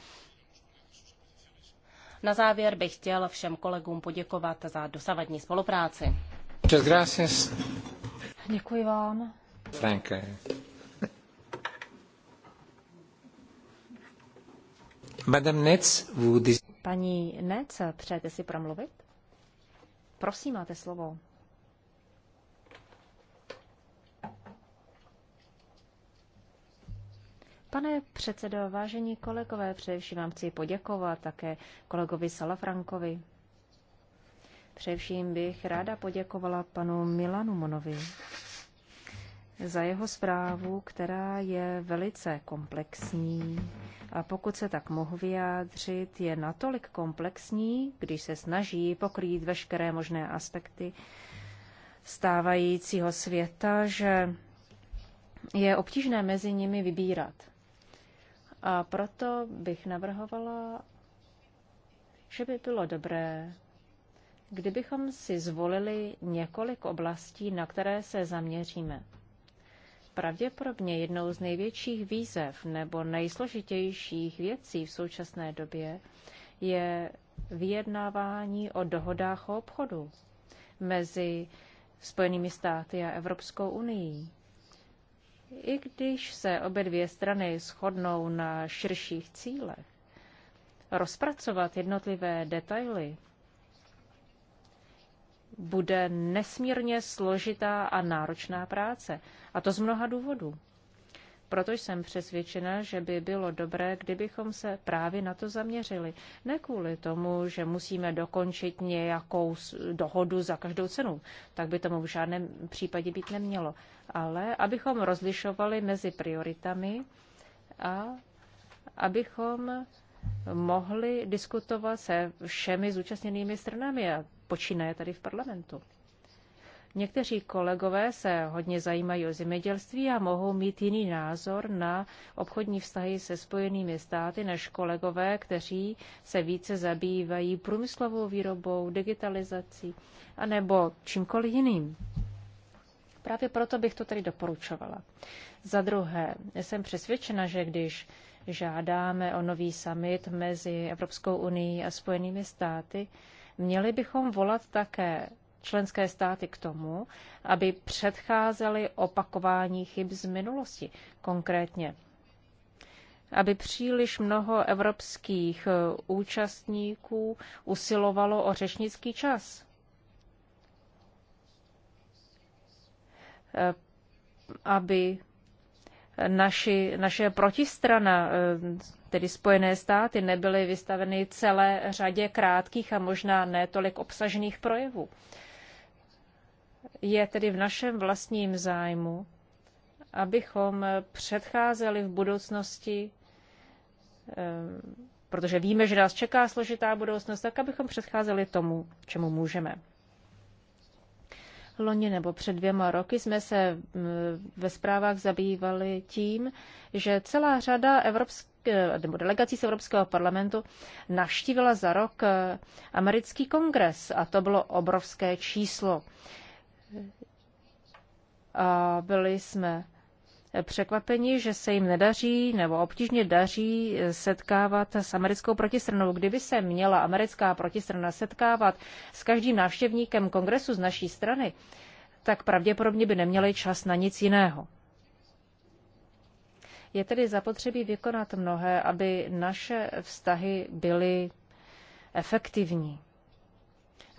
na závěr bych chtěl všem kolegům poděkovat za dosavadní spolupráci. Děkuji vám. Franke. Paní Netz, Paní Nec, přejete si promluvit? Prosím, máte slovo. Pane předsedo, vážení kolegové, především vám chci poděkovat také kolegovi Salafrankovi. Především bych ráda poděkovala panu Milanu Monovi za jeho zprávu, která je velice komplexní. A pokud se tak mohu vyjádřit, je natolik komplexní, když se snaží pokrýt veškeré možné aspekty stávajícího světa, že je obtížné mezi nimi vybírat. A proto bych navrhovala, že by bylo dobré, kdybychom si zvolili několik oblastí, na které se zaměříme pravděpodobně jednou z největších výzev nebo nejsložitějších věcí v současné době je vyjednávání o dohodách o obchodu mezi Spojenými státy a Evropskou unii. I když se obě dvě strany shodnou na širších cílech, rozpracovat jednotlivé detaily bude nesmírně složitá a náročná práce. A to z mnoha důvodů. Proto jsem přesvědčena, že by bylo dobré, kdybychom se právě na to zaměřili. Ne kvůli tomu, že musíme dokončit nějakou dohodu za každou cenu. Tak by tomu v žádném případě být nemělo. Ale abychom rozlišovali mezi prioritami a abychom mohli diskutovat se všemi zúčastněnými stranami a počínaje tady v parlamentu. Někteří kolegové se hodně zajímají o zemědělství a mohou mít jiný názor na obchodní vztahy se spojenými státy než kolegové, kteří se více zabývají průmyslovou výrobou, digitalizací anebo čímkoliv jiným. Právě proto bych to tady doporučovala. Za druhé, jsem přesvědčena, že když žádáme o nový summit mezi Evropskou unii a Spojenými státy, měli bychom volat také členské státy k tomu, aby předcházely opakování chyb z minulosti. Konkrétně, aby příliš mnoho evropských eh, účastníků usilovalo o řečnický čas. Eh, aby naši, naše protistrana, eh, tedy Spojené státy, nebyly vystaveny celé řadě krátkých a možná netolik obsažných projevů. Je tedy v našem vlastním zájmu, abychom předcházeli v budoucnosti, eh, protože víme, že nás čeká složitá budoucnost, tak abychom předcházeli tomu, čemu můžeme. Loni nebo před dvěma roky jsme se ve zprávách zabývali tím, že celá řada evropské, eh, nebo delegací z Evropského parlamentu navštívila za rok eh, americký kongres a to bylo obrovské číslo. A byli jsme překvapeni, že se jim nedaří nebo obtížně daří setkávat s americkou protistranou. Kdyby se měla americká protistrana setkávat s každým návštěvníkem kongresu z naší strany, tak pravděpodobně by neměli čas na nic jiného. Je tedy zapotřebí vykonat mnohé, aby naše vztahy byly efektivní.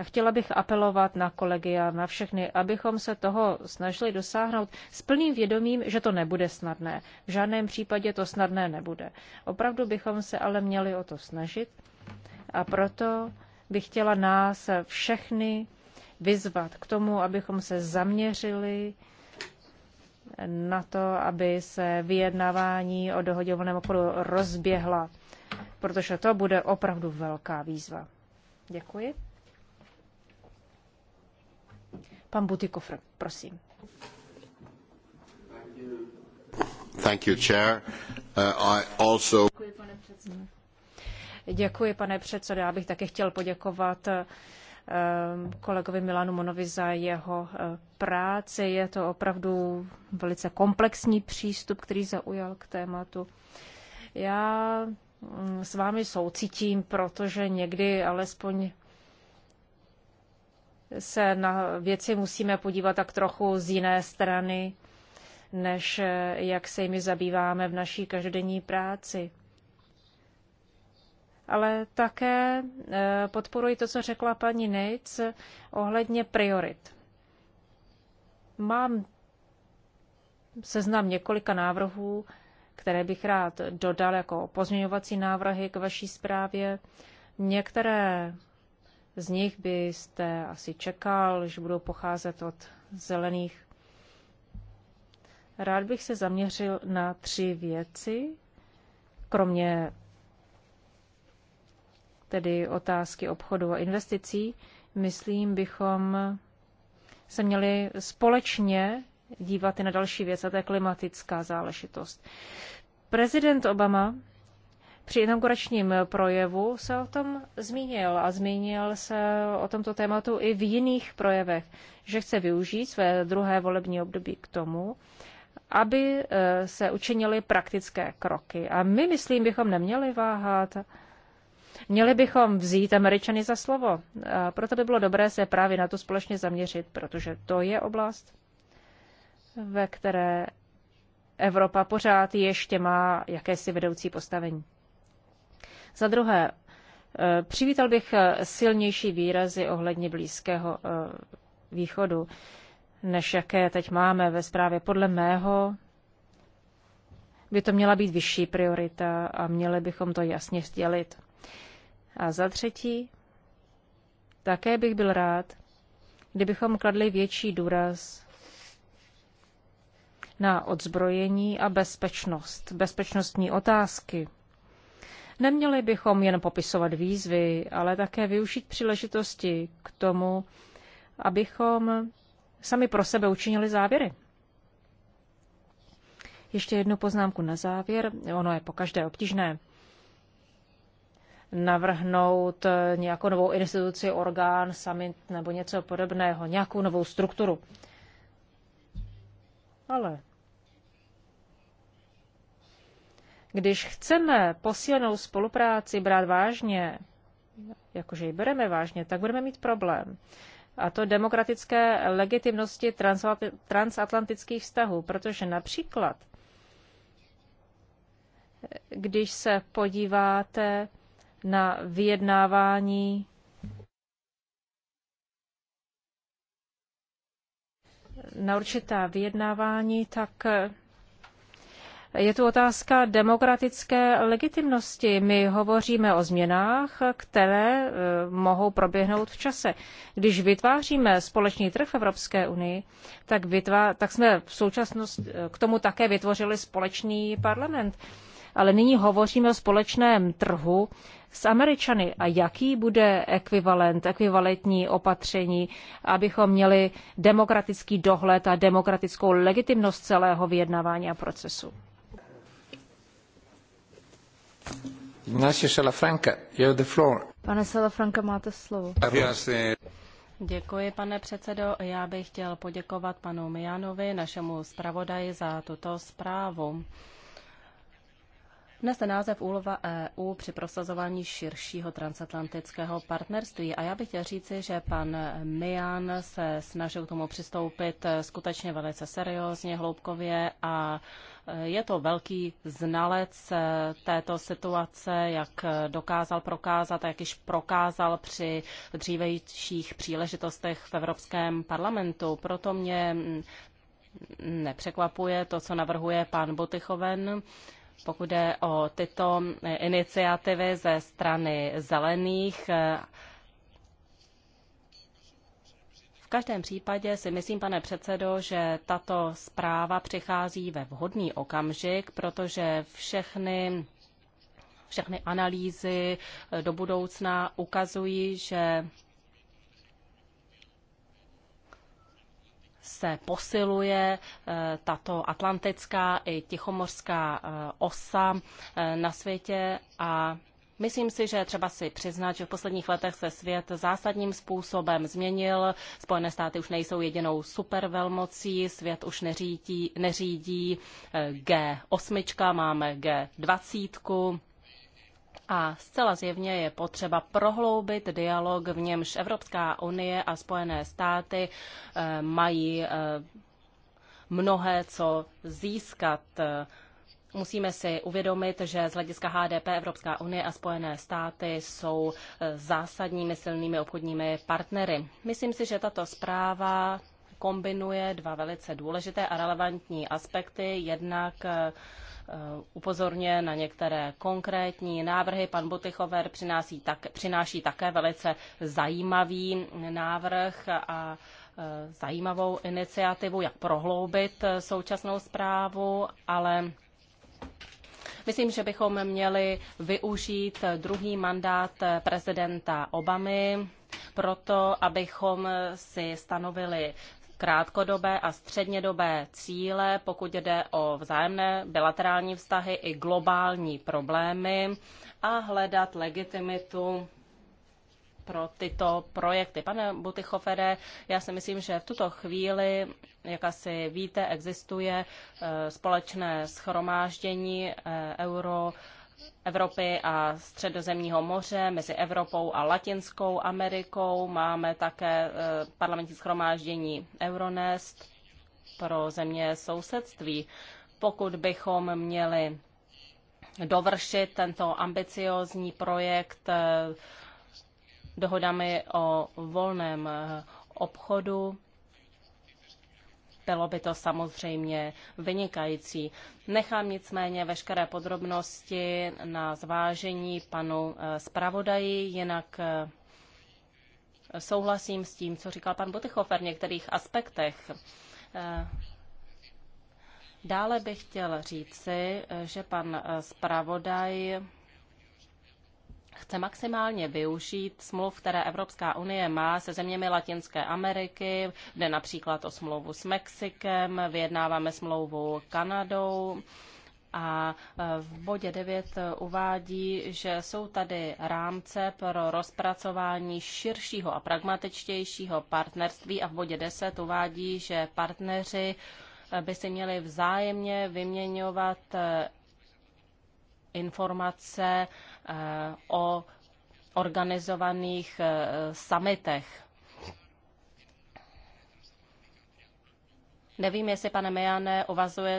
Chtěla bych apelovat na kolegy a na všechny, abychom se toho snažili dosáhnout s plným vědomím, že to nebude snadné. V žádném případě to snadné nebude. Opravdu bychom se ale měli o to snažit a proto bych chtěla nás všechny vyzvat k tomu, abychom se zaměřili na to, aby se vyjednávání o dohodovaném okolu rozběhla, protože to bude opravdu velká výzva. Děkuji. Pan Butikofr, prosím. Thank you, chair. Uh, I also... Děkuji, pane předsedo. Já bych také chtěl poděkovat um, kolegovi Milanu Monovi za jeho uh, práci. Je to opravdu velice komplexní přístup, který zaujal k tématu. Já mm, s vámi soucítím, protože někdy alespoň se na věci musíme podívat tak trochu z jiné strany, než jak se jimi zabýváme v naší každodenní práci. Ale také eh, podporuji to, co řekla paní Nejc ohledně priorit. Mám seznam několika návrhů, které bych rád dodal jako pozměňovací návrhy k vaší zprávě. Některé z nich byste asi čekal, že budou pocházet od zelených. Rád bych se zaměřil na tři věci, kromě tedy otázky obchodu a investicí. Myslím, bychom se měli společně dívat i na další věc, a to je klimatická záležitost. Prezident Obama při inauguračním projevu se o tom zmínil a zmínil se o tomto tématu i v jiných projevech, že chce využít své druhé volební období k tomu, aby eh, se učinili praktické kroky. A my, myslím, bychom neměli váhat. Měli bychom vzít Američany za slovo. A proto by bylo dobré se právě na to společně zaměřit, protože to je oblast, ve které Evropa pořád ještě má jakési vedoucí postavení. Za druhé, eh, přivítal bych eh, silnější výrazy ohledně Blízkého eh, východu, než jaké teď máme ve zprávě. Podle mého by to měla být vyšší priorita a měli bychom to jasně sdělit. A za třetí, také bych byl rád, kdybychom kladli větší důraz na odzbrojení a bezpečnost, bezpečnostní otázky. Neměli bychom jen popisovat výzvy, ale také využít příležitosti k tomu, abychom sami pro sebe učinili závěry. Ještě jednu poznámku na závěr. Ono je po každé obtížné navrhnout nějakou novou instituci, orgán, summit nebo něco podobného, nějakou novou strukturu. Ale Když chceme posílenou spolupráci brát vážně, jakože ji bereme vážně, tak budeme mít problém. A to demokratické legitimnosti transatlantických vztahů, protože například, když se podíváte na vyjednávání na určitá vyjednávání, tak je tu otázka demokratické legitimnosti. My hovoříme o změnách, které e, mohou proběhnout v čase. Když vytváříme společný trh v Evropské unii, tak, vytvá, tak jsme v současnosti e, k tomu také vytvořili společný parlament. Ale nyní hovoříme o společném trhu s Američany a jaký bude ekvivalent, ekvivalentní opatření, abychom měli demokratický dohled a demokratickou legitimnost celého vyjednávání a procesu. Ignacio Salafranca, you have the floor. Pane Salafranca, máte slovo. Děkuji, pane předsedo. Já bych chtěl poděkovat panu Mianovi, našemu zpravodaji, za tuto zprávu. Dnes název úlova EU při prosazování širšího transatlantického partnerství. A já bych chtěl říci, že pan Mian se snažil k tomu přistoupit skutečně velice seriózně, hloubkově a je to velký znalec eh, této situace, jak dokázal prokázat a jak již prokázal při dřívejších příležitostech v Evropském parlamentu. Proto mě mm, nepřekvapuje to, co navrhuje pan Botychoven, pokud jde o tyto iniciativy ze strany zelených eh, každém případě si myslím, pane předsedo, že tato zpráva přichází ve vhodný okamžik, protože všechny všechny analýzy eh, do budoucna ukazují, že se posiluje eh, tato atlantická i tichomořská eh, osa na světě a Myslím si, že třeba si přiznat, že v posledních letech se svět zásadním způsobem změnil. Spojené státy už nejsou jedinou supervelmocí, svět už neřídí, neřídí eh, G8, máme G20. A zcela zjevně je potřeba prohloubit dialog, v němž Evropská unie a Spojené státy eh, mají eh, mnohé co získat. Musíme si uvědomit, že z hlediska HDP Evropská unie a Spojené státy jsou e, zásadními silnými obchodními partnery. Myslím si, že tato zpráva kombinuje dva velice důležité a relevantní aspekty. Jednak e, e, upozorně na některé konkrétní návrhy. Pan Butychover přináší, tak, přináší také velice zajímavý návrh a zajímavou iniciativu, jak prohloubit současnou zprávu, ale Myslím, že bychom měli využít druhý mandát prezidenta Obamy proto, abychom si stanovili krátkodobé a střednědobé cíle, pokud jde o vzájemné bilaterální vztahy i globální problémy a hledat legitimitu pro tyto projekty. Pane Butychofere, já si myslím, že v tuto chvíli, jak asi víte, existuje eh, společné schromáždění eh, euro Evropy a Středozemního moře, mezi Evropou a Latinskou Amerikou. Máme také eh, parlamentní schromáždění Euronest pro země sousedství. Pokud bychom měli dovršit tento ambiciózní projekt dohodami o volném eh, obchodu. Bylo by to samozřejmě vynikající. Nechám nicméně veškeré podrobnosti na zvážení panu eh, zpravodaji, jinak eh, souhlasím s tím, co říkal pan Botychofer v některých aspektech. Dále bych chtěl říci, že pan zpravodaj chce maximálně využít smluv, které Evropská unie má se zeměmi Latinské Ameriky, jde například o smlouvu s Mexikem, vyjednáváme smlouvu Kanadou a e, v bodě 9 uvádí, že jsou tady rámce pro rozpracování širšího a pragmatičtějšího partnerství a v bodě 10 uvádí, že partneři e, by si měli vzájemně vyměňovat e, informace Eh, o organizovaných eh, samitech. Nevím, jestli, pane Mejane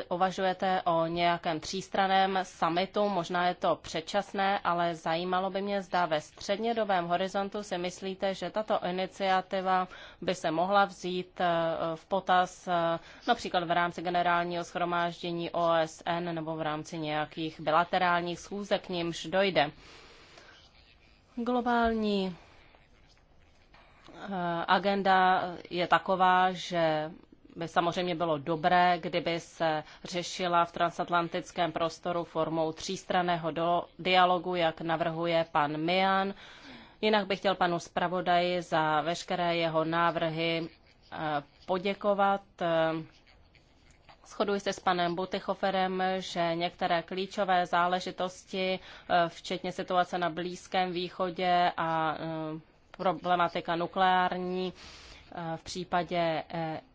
uvažujete o nějakém třístraném summitu, možná je to předčasné, ale zajímalo by mě, zda ve střednědobém horizontu si myslíte, že tato iniciativa by se mohla vzít eh, v potaz eh, například v rámci generálního schromáždění OSN nebo v rámci nějakých bilaterálních schůzek, k nímž dojde. Globální eh, agenda je taková, že by samozřejmě bylo dobré, kdyby se řešila v transatlantickém prostoru formou třístraného dialogu, jak navrhuje pan Mian. Jinak bych chtěl panu zpravodaji za veškeré jeho návrhy eh, poděkovat. Eh, shoduji se s panem Butychoferem, že některé klíčové záležitosti, eh, včetně situace na Blízkém východě a problematika nukleární v případě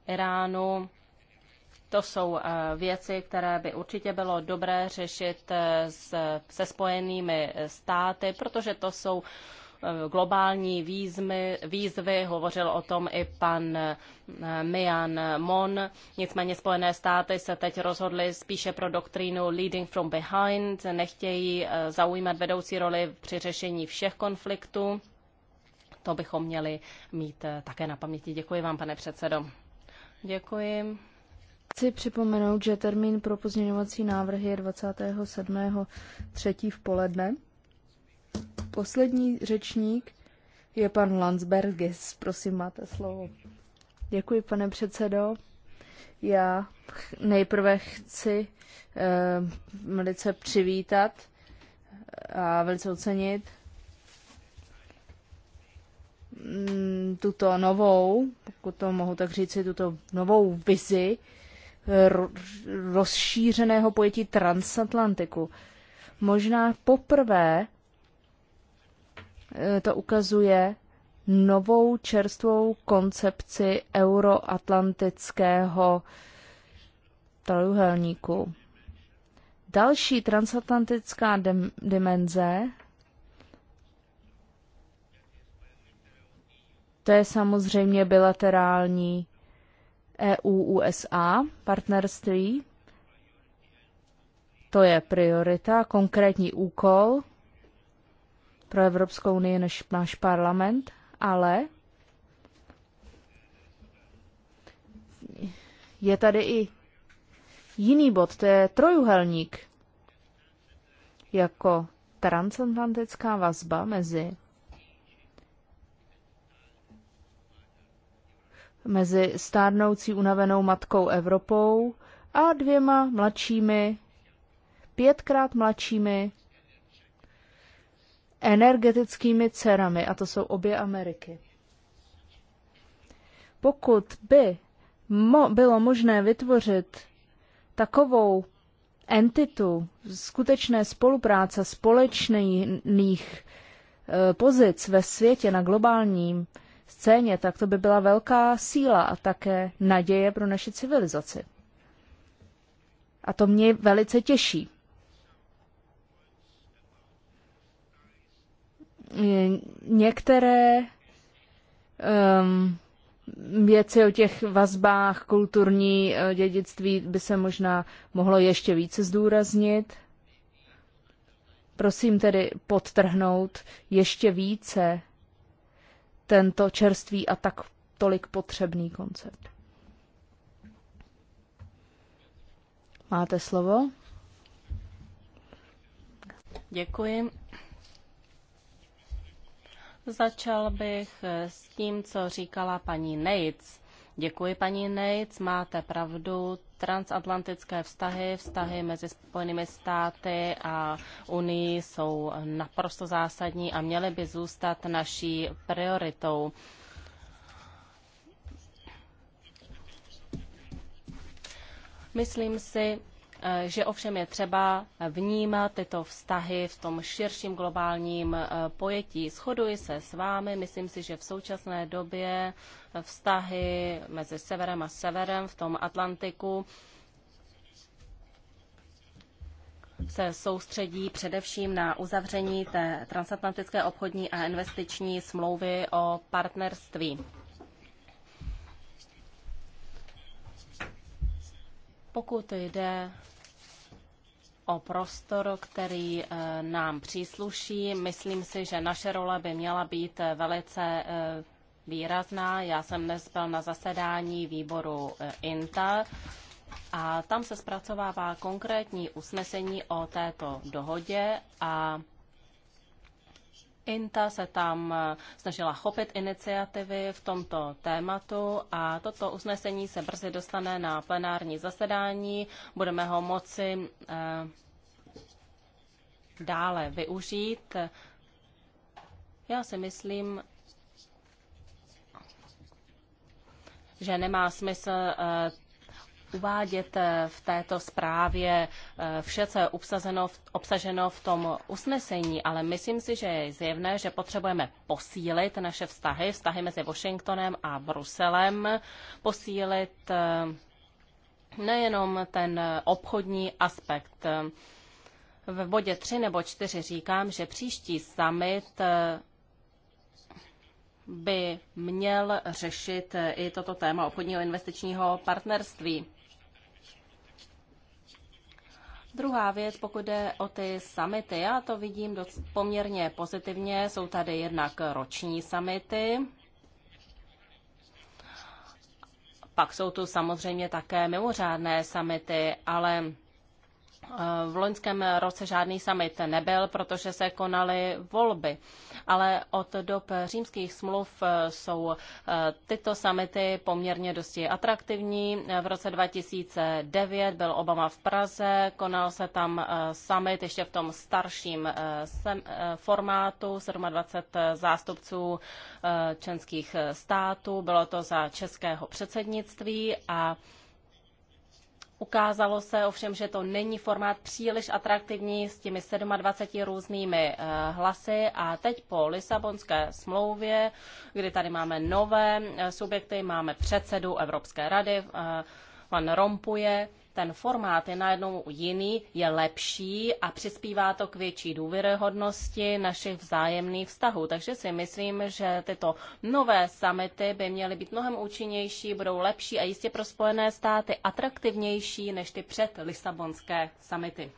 Iránu. To jsou eh, věci, které by určitě bylo dobré řešit eh, se spojenými eh, státy, protože to jsou globální výzmy, výzvy, hovořil o tom i pan Mian Mon. Nicméně Spojené státy se teď rozhodly spíše pro doktrínu leading from behind, nechtějí zaujímat vedoucí roli při řešení všech konfliktů. To bychom měli mít také na paměti. Děkuji vám, pane předsedo. Děkuji. Chci připomenout, že termín pro pozměňovací návrhy je 27.3. v poledne. Poslední řečník je pan Landsbergis. Prosím, máte slovo. Děkuji, pane předsedo. Já nejprve chci eh, velice přivítat a velice ocenit Mm, tuto novou, pokud to mohu tak říci, tuto novou vizi eh, rozšířeného pojetí transatlantiku. Možná poprvé eh, to ukazuje novou čerstvou koncepci euroatlantického trojuhelníku. Další transatlantická dimenze To je samozřejmě bilaterální EU-USA partnerství. To je priorita, konkrétní úkol pro Evropskou unii než náš parlament, ale je tady i jiný bod, to je trojuhelník, jako transatlantická vazba mezi mezi stárnoucí unavenou matkou Evropou a dvěma mladšími, pětkrát mladšími energetickými dcerami, a to jsou obě Ameriky. Pokud by mo- bylo možné vytvořit takovou entitu skutečné spolupráce společných eh, pozic ve světě na globálním scéně, tak to by byla velká síla a také naděje pro naši civilizaci. A to mě velice těší. Některé um, věci o těch vazbách, kulturní eh, dědictví by se možná mohlo ještě více zdůraznit. Prosím tedy podtrhnout ještě více tento čerstvý a tak tolik potřebný koncept. Máte slovo? Děkuji. Začal bych s tím, co říkala paní Nejc. Děkuji, paní Nejc, máte pravdu transatlantické vztahy, vztahy mezi Spojenými státy a Unii jsou naprosto zásadní a měly by zůstat naší prioritou. Myslím si, Eh, že ovšem je třeba vnímat tyto vztahy v tom širším globálním eh, pojetí. Shoduji se s vámi, myslím si, že v současné době vztahy mezi severem a severem v tom Atlantiku se soustředí především na uzavření té transatlantické obchodní a investiční smlouvy o partnerství. Pokud jde o prostor, který eh, nám přísluší. Myslím si, že naše role by měla být eh, velice eh, výrazná. Já jsem dnes byl na zasedání výboru INTA a tam se zpracovává konkrétní usnesení o této dohodě a INTA se tam eh, snažila chopit iniciativy v tomto tématu a toto usnesení se brzy dostane na plenární zasedání. Budeme ho moci eh, dále využít. Já si myslím, že nemá smysl eh, uváděte eh, v této zprávě eh, vše, co je obsazeno, obsaženo v tom usnesení, ale myslím si, že je zjevné, že potřebujeme posílit naše vztahy, vztahy mezi Washingtonem a Bruselem, posílit eh, nejenom ten obchodní aspekt. V bodě 3 nebo 4 říkám, že příští summit by měl řešit i toto téma obchodního investičního partnerství. Druhá věc, pokud jde o ty samity, já to vidím doc- poměrně pozitivně. Jsou tady jednak roční samity, pak jsou tu samozřejmě také mimořádné samity, ale v loňském roce žádný summit nebyl, protože se konaly volby. Ale od dob římských smluv jsou eh, tyto summity poměrně dosti atraktivní. V roce 2009 byl Obama v Praze, konal se tam eh, summit ještě v tom starším eh, formátu, 27 zástupců členských států. Bylo to za českého předsednictví a Ukázalo se ovšem, že to není formát příliš atraktivní s těmi 27 různými eh, hlasy a teď po Lisabonské smlouvě, kdy tady máme nové eh, subjekty, máme předsedu Evropské rady, eh, pan Rompuje, ten formát je najednou jiný, je lepší a přispívá to k větší důvěryhodnosti našich vzájemných vztahů. Takže si myslím, že tyto nové samity by měly být mnohem účinnější, budou lepší a jistě pro Spojené státy atraktivnější než ty před Lisabonské samity.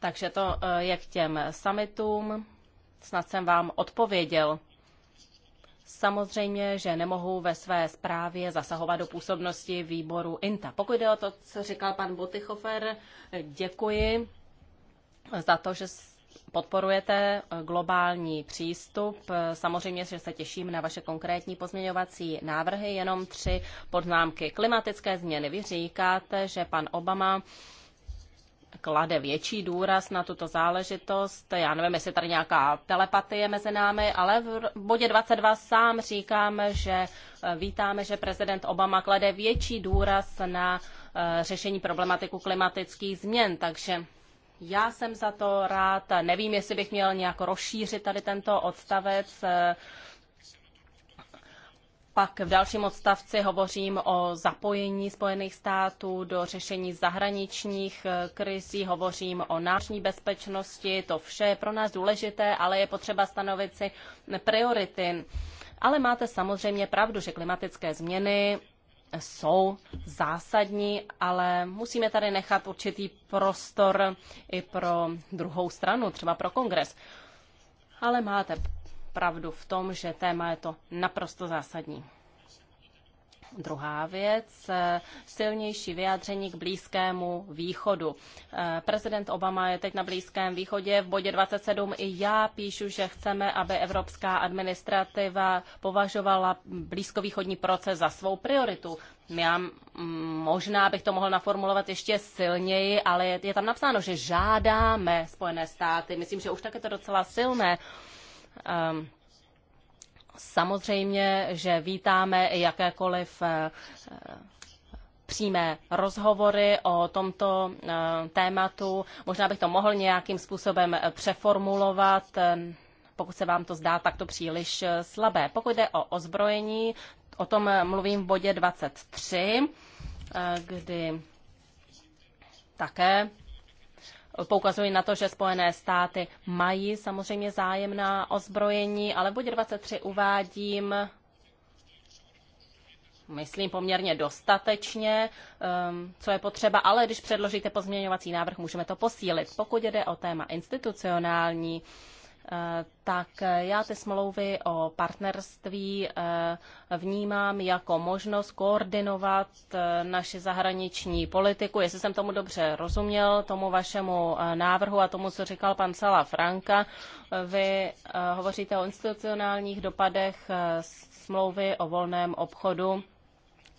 Takže to eh, je k těm summitům. Snad jsem vám odpověděl. Samozřejmě, že nemohu ve své zprávě zasahovat do působnosti výboru INTA. Pokud jde o to, co říkal pan Butychofer, děkuji za to, že podporujete globální přístup. Samozřejmě, že se těším na vaše konkrétní pozměňovací návrhy. Jenom tři poznámky. Klimatické změny. Vy říkáte, že pan Obama klade větší důraz na tuto záležitost. Já nevím, jestli tady nějaká telepatie mezi námi, ale v bodě 22 sám říkáme, že eh, vítáme, že prezident Obama klade větší důraz na eh, řešení problematiku klimatických změn, takže já jsem za to rád. Nevím, jestli bych měl nějak rozšířit tady tento odstavec. Eh, pak v dalším odstavci hovořím o zapojení Spojených států do řešení zahraničních eh, krizí, hovořím o národní bezpečnosti. To vše je pro nás důležité, ale je potřeba stanovit si priority. Ale máte samozřejmě pravdu, že klimatické změny jsou zásadní, ale musíme tady nechat určitý prostor i pro druhou stranu, třeba pro kongres. Ale máte pravdu v tom, že téma je to naprosto zásadní. Druhá věc, eh, silnější vyjádření k Blízkému východu. Eh, prezident Obama je teď na Blízkém východě. V bodě 27 i já píšu, že chceme, aby evropská administrativa považovala blízkovýchodní proces za svou prioritu. Já mm, možná bych to mohl naformulovat ještě silněji, ale je tam napsáno, že žádáme Spojené státy. Myslím, že už tak je to docela silné. Ehm, samozřejmě, že vítáme jakékoliv eh, přímé rozhovory o tomto eh, tématu. Možná bych to mohl nějakým způsobem eh, přeformulovat, ehm, pokud se vám to zdá takto příliš slabé. Pokud jde o ozbrojení, o tom mluvím v bodě 23, kdy také poukazují na to, že Spojené státy mají samozřejmě zájem na ozbrojení, ale v bodě 23 uvádím, myslím poměrně dostatečně, ehm, co je potřeba, ale když předložíte pozměňovací návrh, můžeme to posílit. Pokud jde o téma institucionální, tak já ty smlouvy o partnerství eh, vnímám jako možnost koordinovat eh, naši zahraniční politiku. Jestli jsem tomu dobře rozuměl, tomu vašemu eh, návrhu a tomu, co říkal pan Sala Franka, vy hovoříte o institucionálních dopadech smlouvy o volném obchodu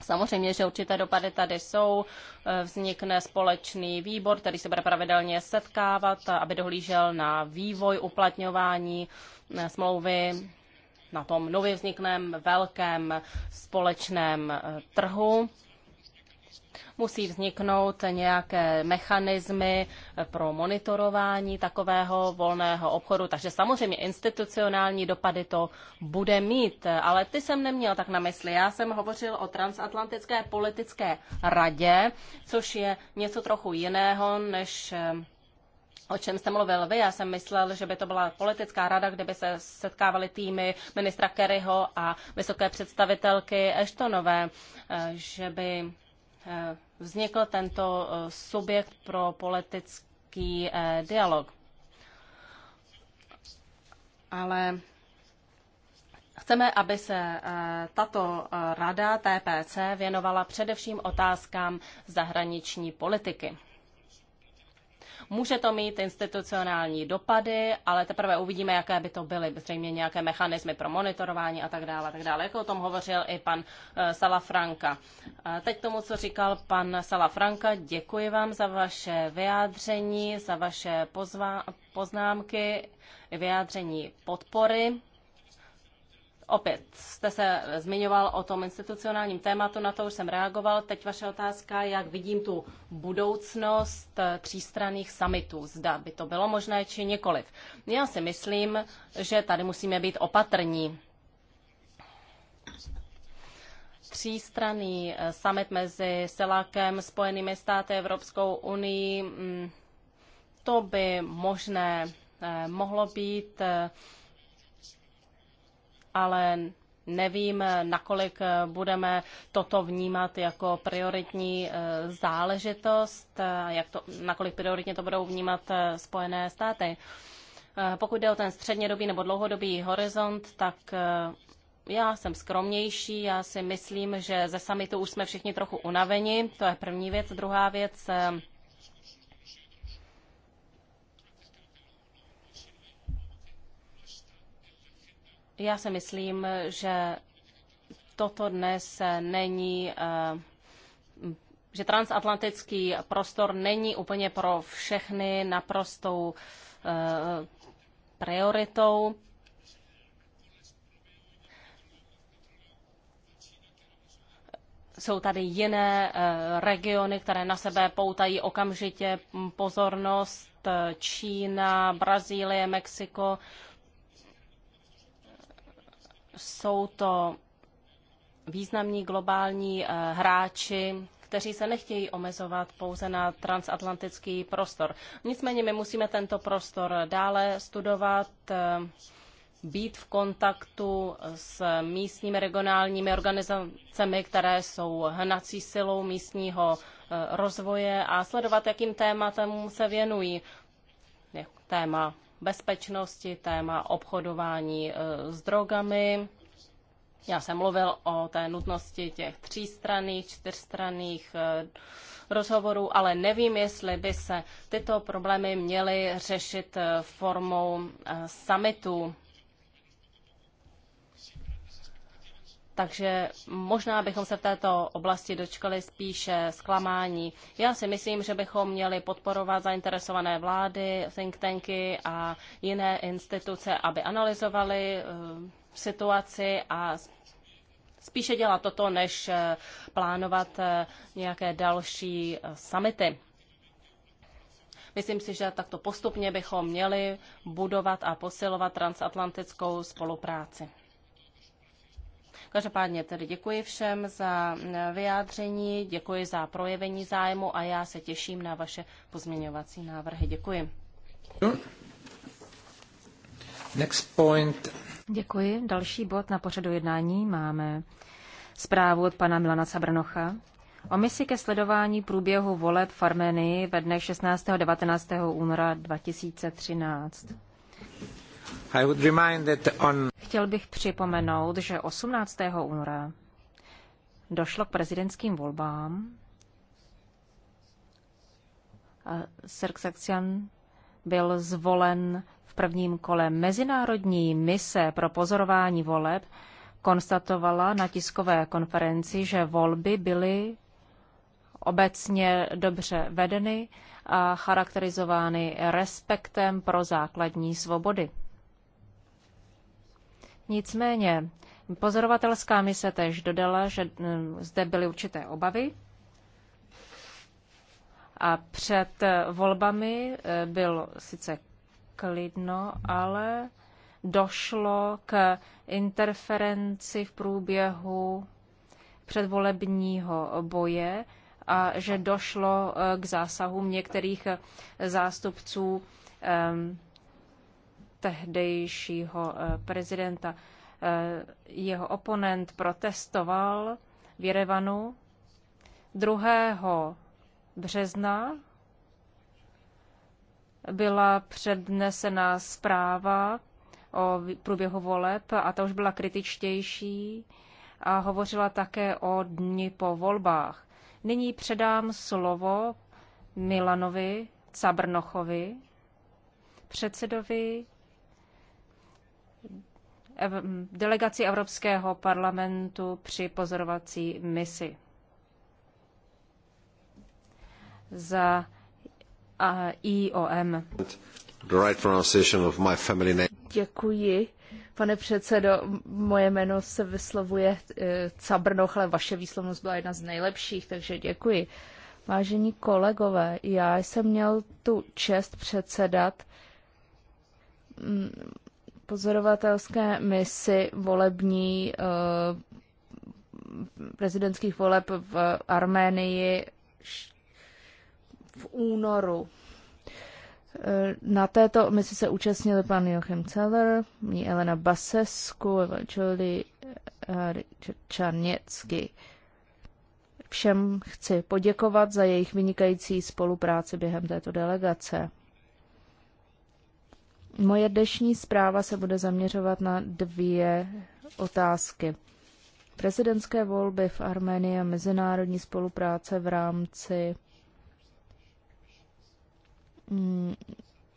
Samozřejmě, že určité dopady tady jsou. Eh, Vznikne společný výbor, který se bude pravidelně setkávat, aby dohlížel na vývoj uplatňování eh, smlouvy na tom nově vzniklém velkém společném eh, trhu. Musí vzniknout nějaké mechanismy pro monitorování takového volného obchodu, takže samozřejmě institucionální dopady to bude mít, ale ty jsem neměl tak na mysli. Já jsem hovořil o transatlantické politické radě, což je něco trochu jiného než eh, o čem jste mluvil vy. Já jsem myslel, že by to byla politická rada, kde by se setkávaly týmy ministra Kerryho a vysoké představitelky Eštonové, eh, že by Eh, vznikl tento eh, subjekt pro politický eh, dialog. Ale Chceme, aby se tato rada TPC věnovala především otázkám zahraniční politiky. Může to mít institucionální dopady, ale teprve uvidíme, jaké by to byly. Zřejmě nějaké mechanismy pro monitorování a tak dále, a tak dále. Jako o tom hovořil i pan eh, Salafranka. Teď tomu, co říkal pan Salafranka, děkuji vám za vaše vyjádření, za vaše pozvá- poznámky, vyjádření podpory. Opět jste se zmiňoval o tom institucionálním tématu, na to už jsem reagoval. Teď vaše otázka, jak vidím tu budoucnost třístranných summitů. Zda by to bylo možné, či nikoliv. Já si myslím, že tady musíme být opatrní. Třístranný eh, summit mezi Selákem, Spojenými státy, Evropskou unii, mm, to by možné eh, mohlo být eh, ale nevím, nakolik budeme toto vnímat jako prioritní eh, záležitost, jak to, nakolik prioritně to budou vnímat eh, Spojené státy. Eh, pokud jde o ten střednědobý nebo dlouhodobý horizont, tak já jsem skromnější, já si myslím, že ze samitu už jsme všichni trochu unaveni, to je první věc. Druhá věc, Já si myslím, že toto dnes není, eh, že transatlantický prostor není úplně pro všechny naprostou eh, prioritou. Jsou tady jiné eh, regiony, které na sebe poutají okamžitě hm, pozornost. Čína, Brazílie, Mexiko. Jsou to významní globální eh, hráči, kteří se nechtějí omezovat pouze na transatlantický prostor. Nicméně my musíme tento prostor dále studovat, eh, být v kontaktu s místními regionálními organizacemi, které jsou hnací silou místního eh, rozvoje a sledovat, jakým tématem se věnují. Téma bezpečnosti, téma obchodování e, s drogami. Já jsem mluvil o té nutnosti těch třístranných, čtyřstranných e, rozhovorů, ale nevím, jestli by se tyto problémy měly řešit e, formou summitu takže možná bychom se v této oblasti dočkali spíše zklamání. Já si myslím, že bychom měli podporovat zainteresované vlády, think tanky a jiné instituce, aby analyzovali eh, situaci a spíše dělat toto, než eh, plánovat eh, nějaké další samity. Myslím si, že takto postupně bychom měli budovat a posilovat transatlantickou spolupráci. Každopádně tedy děkuji všem za mm, vyjádření, děkuji za projevení zájmu a já se těším na vaše pozměňovací návrhy. Děkuji. Next point. Děkuji. Další bod na pořadu jednání máme zprávu od pana Milana Sabrnocha. o misi ke sledování průběhu voleb v Armenii ve dnech 16. a 19. února 2013. Chtěl bych připomenout, že 18. února došlo k prezidentským volbám. Sirksaksian byl zvolen v prvním kole Mezinárodní mise pro pozorování voleb konstatovala na tiskové konferenci, že volby byly obecně dobře vedeny a charakterizovány respektem pro základní svobody. Nicméně pozorovatelská mise tež dodala, že mm, zde byly určité obavy a před eh, volbami eh, bylo sice klidno, ale došlo k interferenci v průběhu předvolebního boje a že došlo eh, k zásahům některých zástupců ehm, tehdejšího eh, prezidenta. Eh, jeho oponent protestoval v Jerevanu 2. března byla přednesena zpráva o průběhu voleb a ta už byla kritičtější a hovořila také o dni po volbách. Nyní předám slovo Milanovi Cabrnochovi, předsedovi delegaci Evropského parlamentu při pozorovací misi. Za IOM. Děkuji, pane předsedo. Moje jméno se vyslovuje e, Cabrnoch, ale vaše výslovnost byla jedna z nejlepších, takže děkuji. Vážení kolegové, já jsem měl tu čest předsedat pozorovatelské misi volební eh, prezidentských voleb v Arménii v únoru. Eh, na této misi se účastnili pan Joachim mě Elena Basescu, Evangelii eh, Richard Čarněcky. Všem chci poděkovat za jejich vynikající spolupráci během této delegace. Moje dnešní zpráva se bude zaměřovat na dvě otázky. Prezidentské volby v Arménii a mezinárodní spolupráce v rámci mm,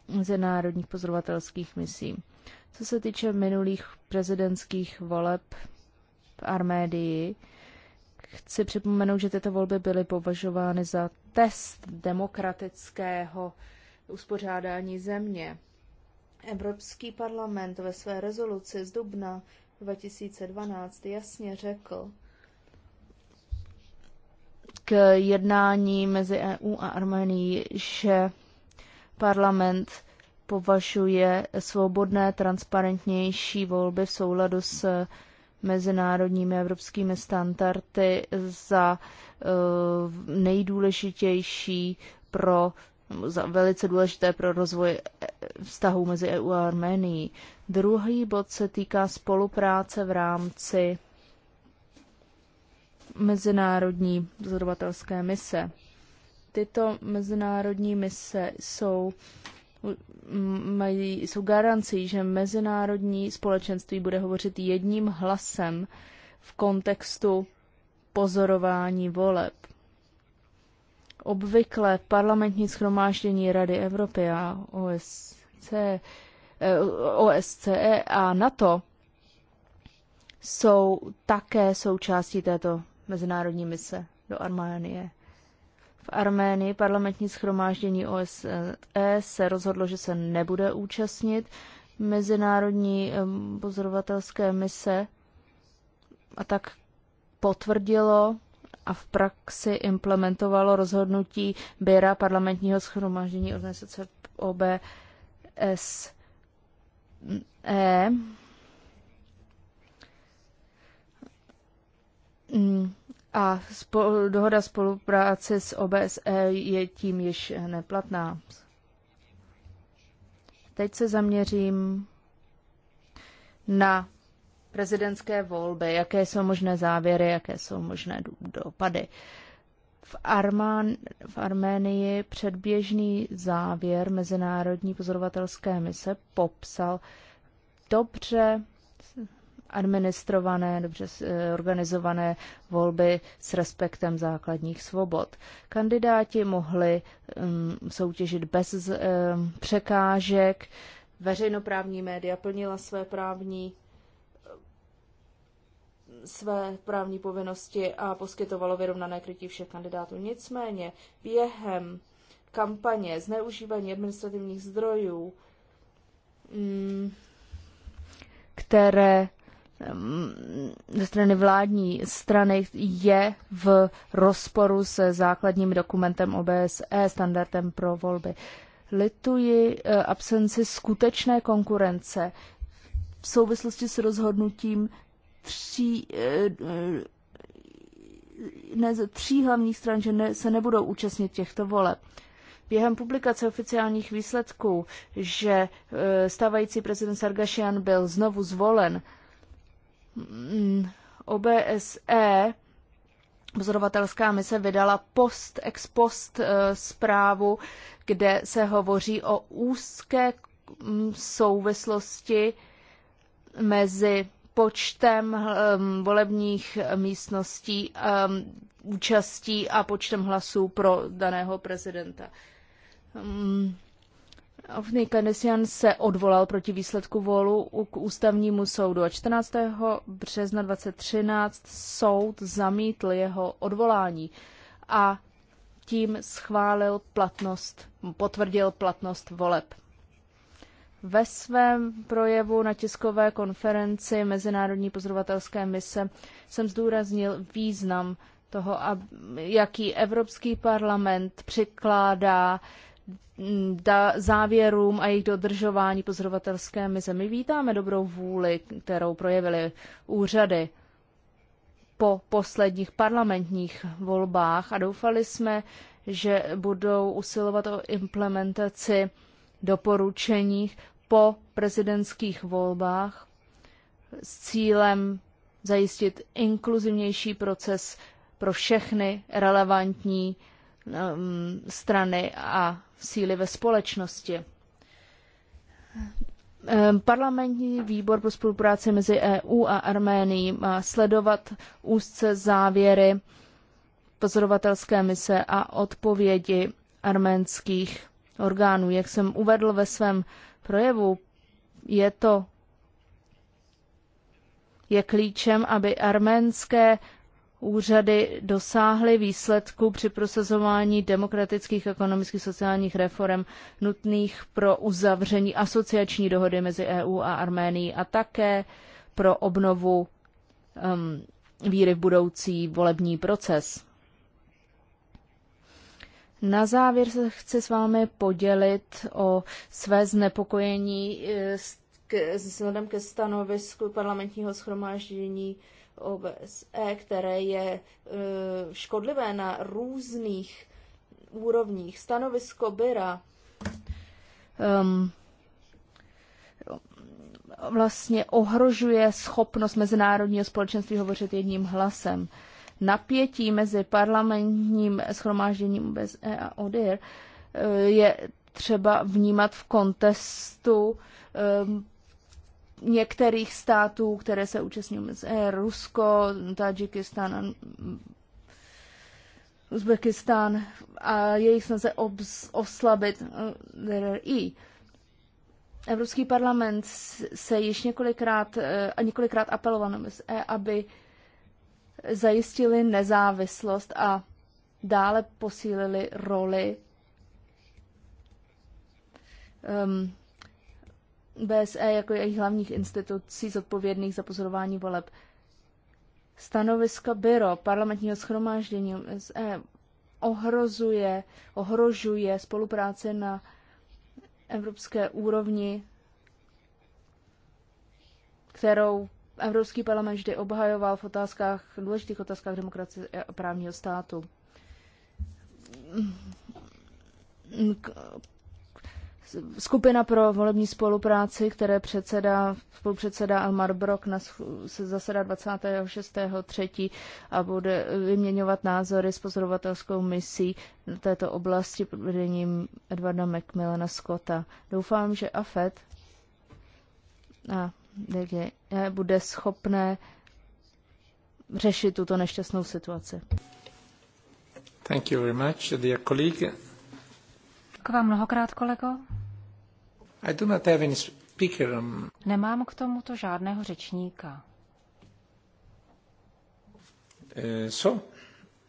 mezinárodních pozorovatelských misí. Co se týče minulých prezidentských voleb v Arménii, chci připomenout, že tyto volby byly považovány za test demokratického uspořádání země. Evropský parlament ve své rezoluci z dubna 2012 jasně řekl k jednání mezi EU a Armenií, že parlament považuje svobodné, transparentnější volby v souladu s mezinárodními evropskými standardy za eh, nejdůležitější pro velice důležité pro rozvoj e, vztahů mezi EU a Arménií. Druhý bod se týká spolupráce v rámci mezinárodní pozorovatelské mise. Tyto mezinárodní mise jsou, mají, jsou garancí, že mezinárodní společenství bude hovořit jedním hlasem v kontextu pozorování voleb Obvykle parlamentní schromáždění Rady Evropy a OSC, eh, OSCE a NATO jsou také součástí této mezinárodní mise do Arménie. V Arménii parlamentní schromáždění OSCE se rozhodlo, že se nebude účastnit mezinárodní pozorovatelské mise a tak potvrdilo a v praxi implementovalo rozhodnutí Běra parlamentního schromáždění organizace OBSE a spol, dohoda spolupráce s OBSE je tím již neplatná. Teď se zaměřím na prezidentské volby, jaké jsou možné závěry, jaké jsou možné dopady. V, Armán, v Arménii předběžný závěr Mezinárodní pozorovatelské mise popsal dobře administrované, dobře eh, organizované volby s respektem základních svobod. Kandidáti mohli um, soutěžit bez um, překážek, veřejnoprávní média plnila své právní své právní povinnosti a poskytovalo vyrovnané krytí všech kandidátů. Nicméně během kampaně, zneužívání administrativních zdrojů, mm, které mm, ze strany vládní strany je v rozporu se základním dokumentem OBSE, standardem pro volby. Lituji e, absenci skutečné konkurence v souvislosti s rozhodnutím tří, eh, ne ze tří hlavních stran, že ne, se nebudou účastnit těchto voleb. Během publikace oficiálních výsledků, že eh, stávající prezident Sargašian byl znovu zvolen, mm, OBSE pozorovatelská mise vydala post ex post eh, zprávu, kde se hovoří o úzké mm, souvislosti mezi počtem hm, volebních místností, hm, účastí a počtem hlasů pro daného prezidenta. Hm, Ovný Kanesian se odvolal proti výsledku volu k ústavnímu soudu a 14. března 2013 soud zamítl jeho odvolání a tím schválil platnost, potvrdil platnost voleb. Ve svém projevu na tiskové konferenci Mezinárodní pozorovatelské mise jsem zdůraznil význam toho, jaký Evropský parlament přikládá mm, závěrům a jejich dodržování pozorovatelské mise. My vítáme dobrou vůli, kterou projevily úřady po posledních parlamentních volbách a doufali jsme, že budou usilovat o implementaci doporučeních po prezidentských volbách s cílem zajistit inkluzivnější proces pro všechny relevantní um, strany a síly ve společnosti. Um, parlamentní výbor pro spolupráci mezi EU a Arménií má sledovat úzce závěry pozorovatelské mise a odpovědi arménských orgánů. Jak jsem uvedl ve svém projevu, je to je klíčem, aby arménské úřady dosáhly výsledku při prosazování demokratických, ekonomických, sociálních reform nutných pro uzavření asociační dohody mezi EU a Arménií a také pro obnovu um, víry v budoucí volební proces. Na závěr se chci s vámi podělit o své znepokojení eh, vzhledem ke stanovisku parlamentního schromáždění OBSE, které je eh, škodlivé na různých úrovních. Stanovisko Byra um, vlastně ohrožuje schopnost mezinárodního společenství hovořit jedním hlasem. Uh, napětí mezi parlamentním schromážděním E a ODIR eh, je třeba vnímat v kontestu eh, některých států, které se účastní BSE, Rusko, Tadžikistán mm, Uzbekistán a jejich snaze oslabit DRI. Eh, Evropský parlament se již několikrát a několikrát apeloval na MSE, aby zajistili nezávislost a dále posílili roli um, BSE jako jejich hlavních institucí zodpovědných za pozorování voleb. Stanovisko Byro parlamentního schromáždění BSE ohrozuje, ohrožuje spolupráci na evropské úrovni, kterou Evropský parlament vždy obhajoval v otázkách, důležitých otázkách demokracie a právního státu. Skupina pro volební spolupráci, které předseda, spolupředseda Almar Brok na, se zasedá 26.3. a bude vyměňovat názory s pozorovatelskou misí na této oblasti pod vedením Edwarda McMillana Scotta. Doufám, že AFED a Eh, bude schopné řešit tuto nešťastnou situaci. Thank you very much, dear colleague. K vám mnohokrát, kolego. I do not have any speaker. Um, Nemám k tomuto žádného řečníka. Uh, so,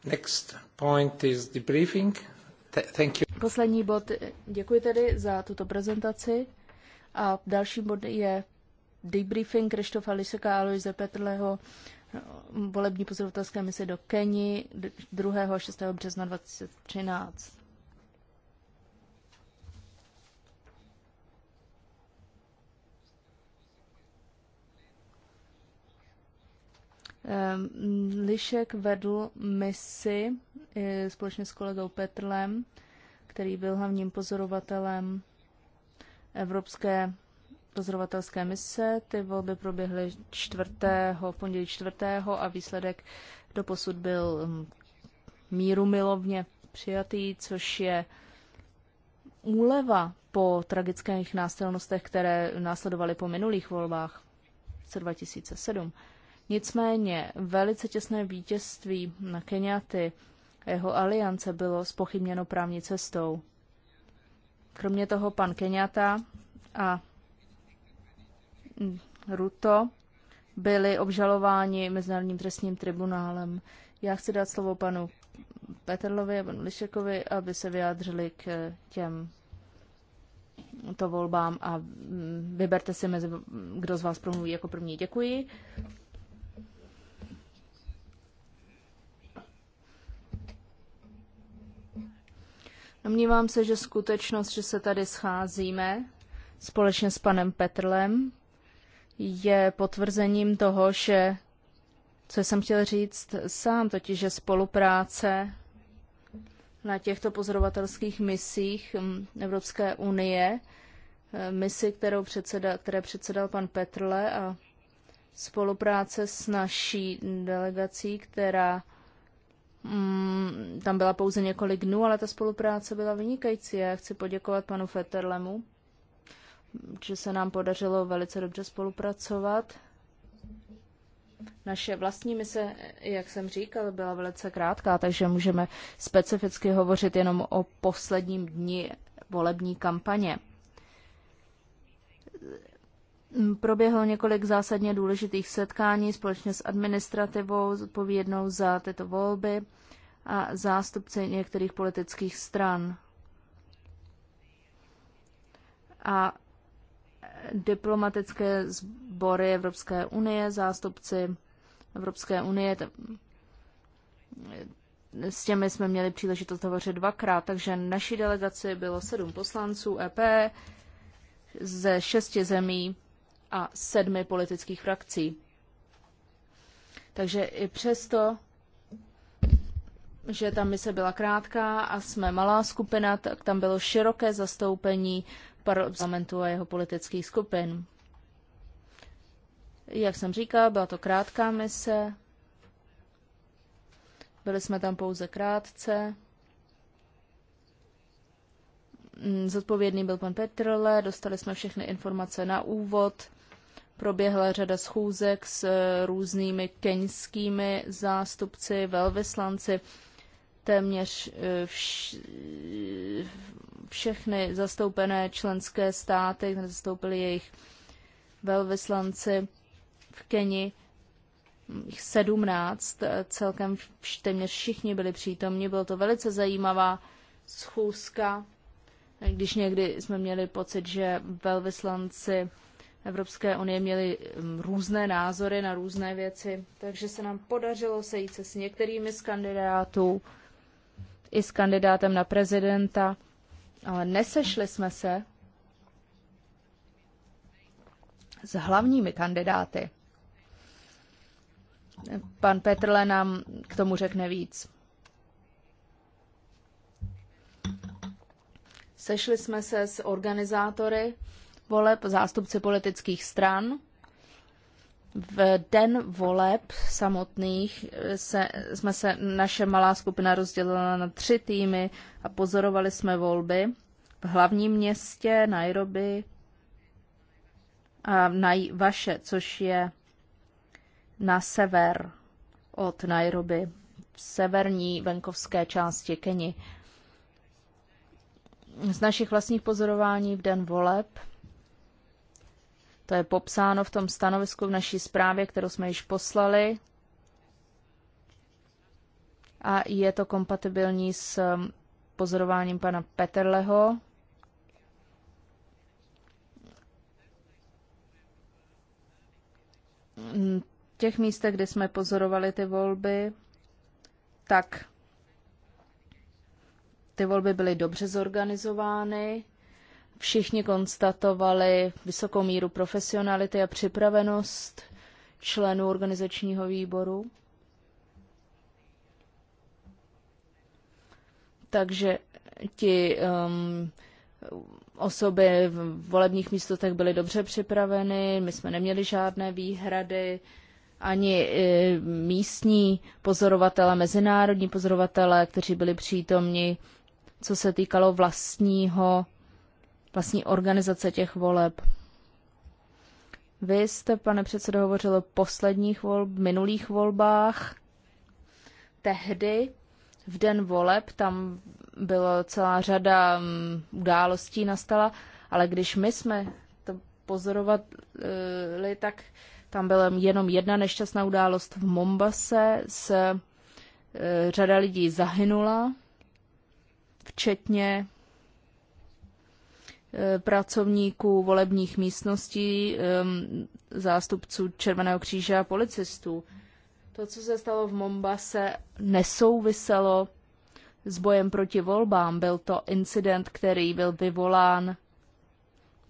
next point is the briefing. Th thank you. Poslední bod. Eh, děkuji tedy za tuto prezentaci. A další bod je debriefing Krištofa Liseka a Aloise Petrleho eh, volební pozorovatelské mise do Keni 2. a 6. března 2013. Ehm, Lišek vedl misi eh, společně s kolegou Petrlem, který byl hlavním pozorovatelem Evropské pozorovatelské mise. Ty volby proběhly 4. pondělí 4. a výsledek do posud byl mm, míru milovně přijatý, což je úleva po tragických násilnostech, které následovaly po minulých volbách v 2007. Nicméně velice těsné vítězství na Kenyaty a jeho aliance bylo spochybněno právní cestou. Kromě toho pan Kenyata a Ruto byli obžalováni Mezinárodním trestním tribunálem. Já chci dát slovo panu Petrlovi a panu Lišekovi, aby se vyjádřili k těm to volbám a vyberte si mezi, kdo z vás promluví jako první. Děkuji. Domnívám se, že skutečnost, že se tady scházíme společně s panem Petrlem, je potvrzením toho, že, co jsem chtěl říct sám, totiž, že spolupráce na těchto pozorovatelských misích mm, Evropské unie, eh, misi, kterou předseda, které předsedal pan Petrle a spolupráce s naší delegací, která mm, tam byla pouze několik dnů, ale ta spolupráce byla vynikající. Já chci poděkovat panu Fetterlemu že se nám podařilo velice dobře spolupracovat. Naše vlastní mise, jak jsem říkal, byla velice krátká, takže můžeme specificky hovořit jenom o posledním dni volební kampaně. Proběhlo několik zásadně důležitých setkání společně s administrativou zodpovědnou za tyto volby a zástupci některých politických stran. A diplomatické sbory Evropské unie, zástupci Evropské unie. S těmi jsme měli příležitost hovořit dvakrát, takže naší delegaci bylo sedm poslanců EP ze šesti zemí a sedmi politických frakcí. Takže i přesto, že ta mise byla krátká a jsme malá skupina, tak tam bylo široké zastoupení parlamentu a jeho politických skupin. Jak jsem říkal, byla to krátká mise. Byli jsme tam pouze krátce. Mm, Zodpovědný byl pan Petrle, dostali jsme všechny informace na úvod. Proběhla řada schůzek s eh, různými keňskými zástupci, velvyslanci téměř eh, vš, všechny zastoupené členské státy, kde zastoupili jejich velvyslanci v Keni, 17, eh, celkem téměř všichni byli přítomni, bylo to velice zajímavá schůzka, eh, když někdy jsme měli pocit, že velvyslanci Evropské unie měli mm, různé názory na různé věci, takže se nám podařilo sejít se s některými z kandidátů i s kandidátem na prezidenta, ale nesešli jsme se s hlavními kandidáty. Pan Petrle nám k tomu řekne víc. Sešli jsme se s organizátory voleb, zástupci politických stran, v den voleb samotných se, jsme se naše malá skupina rozdělila na tři týmy a pozorovali jsme volby v hlavním městě Nairobi a Vaše, což je na sever od Nairobi, v severní venkovské části Keni. Z našich vlastních pozorování v den voleb to je popsáno v tom stanovisku v naší zprávě, kterou jsme již poslali. A je to kompatibilní s um, pozorováním pana Peterleho. V mm, těch místech, kde jsme pozorovali ty volby, tak ty volby byly dobře zorganizovány Všichni konstatovali vysokou míru profesionality a připravenost členů organizačního výboru. Takže ti um, osoby v volebních místotech byly dobře připraveny, my jsme neměli žádné výhrady, ani eh, místní pozorovatele, mezinárodní pozorovatele, kteří byli přítomni, co se týkalo vlastního vlastní organizace těch voleb. Vy jste, pane předsedo, hovořil o posledních volb, minulých volbách. Tehdy, v den voleb, tam byla celá řada mm, událostí nastala, ale když my jsme to pozorovali, tak tam byla jenom jedna nešťastná událost v Mombase, se e, řada lidí zahynula, včetně Eh, pracovníků volebních místností, zástupců Červeného kříže a policistů. To, co se stalo v Mombase, nesouviselo s bojem proti volbám. Byl to incident, který byl vyvolán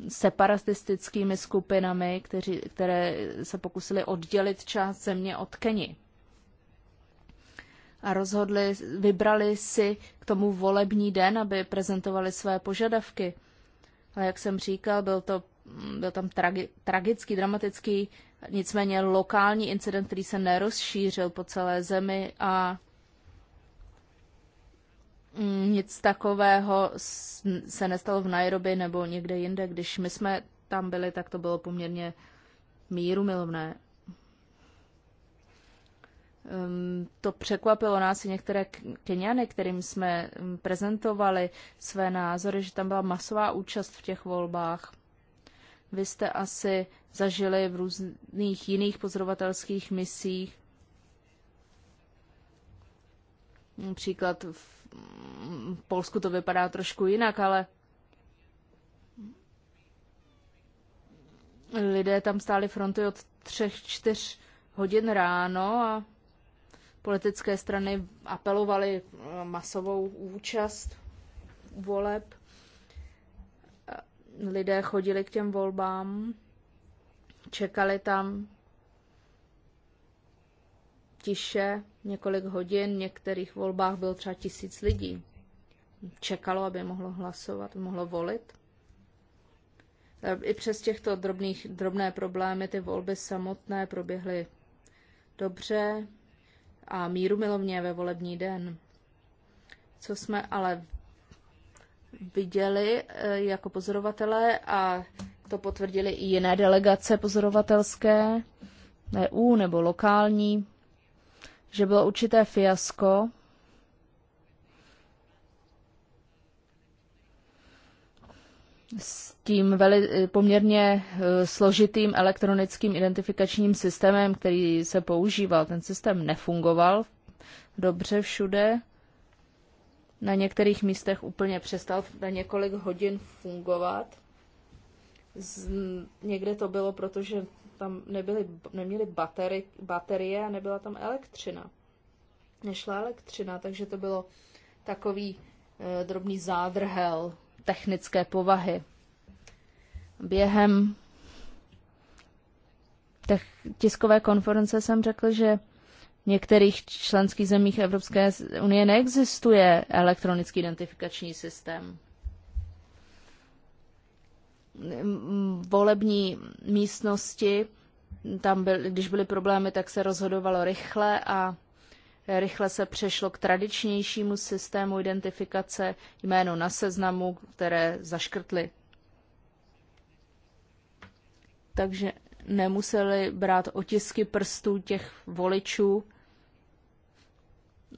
separatistickými skupinami, kteří, které se pokusili oddělit část země od Keni. A rozhodli, vybrali si k tomu volební den, aby prezentovali své požadavky ale jak jsem říkal, byl, to, byl tam tragi, tragický, dramatický, nicméně lokální incident, který se nerozšířil po celé zemi a mm, nic takového se nestalo v Nairobi nebo někde jinde. Když my jsme tam byli, tak to bylo poměrně míru milovné. Ehm, to překvapilo nás i některé Keniany, kterým jsme ehm, prezentovali své názory, že tam byla masová účast v těch volbách. Vy jste asi zažili v různých jiných pozorovatelských misích, například v mm, Polsku to vypadá trošku jinak, ale lidé tam stáli fronty od třech, čtyř hodin ráno a Politické strany apelovaly eh, masovou účast voleb. Eh, lidé chodili k těm volbám, čekali tam tiše několik hodin, v některých volbách byl třeba tisíc lidí. Čekalo, aby mohlo hlasovat, mohlo volit. Eh, I přes těchto drobných, drobné problémy ty volby samotné proběhly dobře a míru milovně ve volební den. Co jsme ale viděli eh, jako pozorovatelé a to potvrdili i jiné delegace pozorovatelské, EU nebo lokální, že bylo určité fiasko s tím veli, eh, poměrně eh, složitým elektronickým identifikačním systémem, který se používal. Ten systém nefungoval dobře všude. Na některých místech úplně přestal na několik hodin fungovat. Z, někde to bylo, protože tam nebyly, neměly batery, baterie a nebyla tam elektřina. Nešla elektřina, takže to bylo takový e, drobný zádrhel technické povahy. Během tiskové konference jsem řekl, že v některých členských zemích Evropské unie neexistuje elektronický identifikační systém. Volební místnosti, tam byl, když byly problémy, tak se rozhodovalo rychle a Rychle se přešlo k tradičnějšímu systému identifikace jméno na seznamu, které zaškrtly. Takže nemuseli brát otisky prstů těch voličů.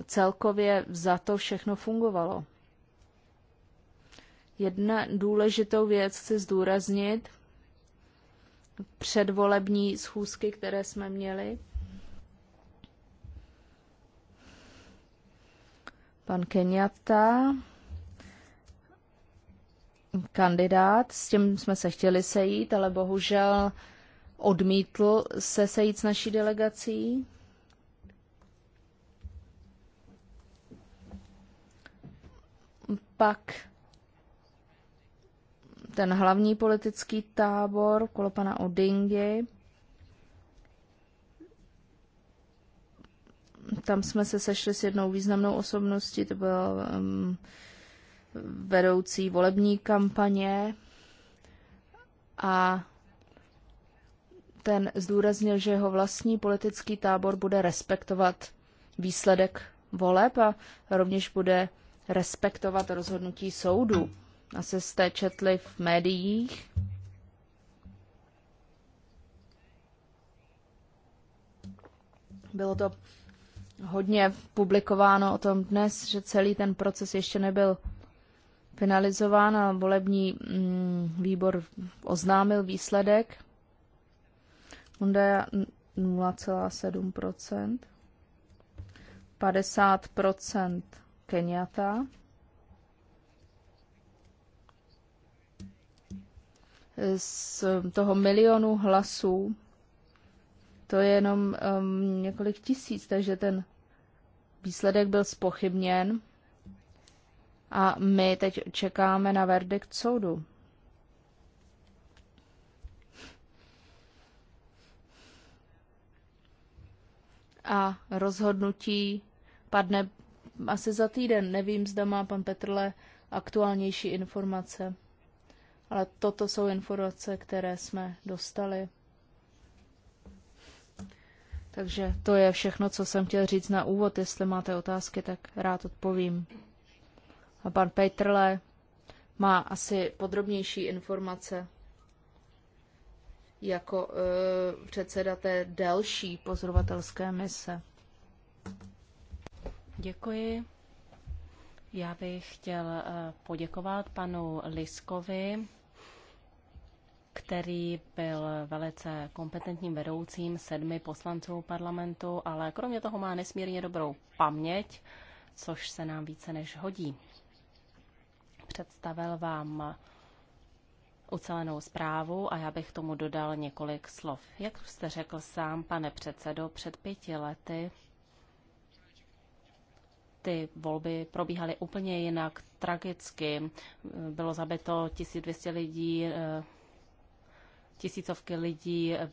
Celkově za to všechno fungovalo. Jedna důležitou věc chci zdůraznit. Předvolební schůzky, které jsme měli, pan Kenyatta, kandidát, s tím jsme se chtěli sejít, ale bohužel odmítl se sejít s naší delegací. Pak ten hlavní politický tábor kolo pana Odingy tam jsme se sešli s jednou významnou osobností, to byl um, vedoucí volební kampaně a ten zdůraznil, že jeho vlastní politický tábor bude respektovat výsledek voleb a rovněž bude respektovat rozhodnutí soudu. Asi jste četli v médiích, bylo to hodně publikováno o tom dnes, že celý ten proces ještě nebyl finalizován a volební mm, výbor oznámil výsledek. Honda 0,7%, 50% Kenyata z toho milionu hlasů to je jenom um, několik tisíc, takže ten výsledek byl spochybněn a my teď čekáme na verdikt soudu. A rozhodnutí padne asi za týden. Nevím, zda má pan Petrle aktuálnější informace, ale toto jsou informace, které jsme dostali. Takže to je všechno, co jsem chtěl říct na úvod. Jestli máte otázky, tak rád odpovím. A pan Petrle má asi podrobnější informace jako uh, předseda té delší pozorovatelské mise. Děkuji. Já bych chtěl e, poděkovat panu Liskovi který byl velice kompetentním vedoucím sedmi poslanců parlamentu, ale kromě toho má nesmírně dobrou paměť, což se nám více než hodí. Představil vám ucelenou zprávu a já bych tomu dodal několik slov. Jak jste řekl sám, pane předsedo, před pěti lety ty volby probíhaly úplně jinak, tragicky. Bylo zabito 1200 lidí, eh, Tisícovky lidí eh,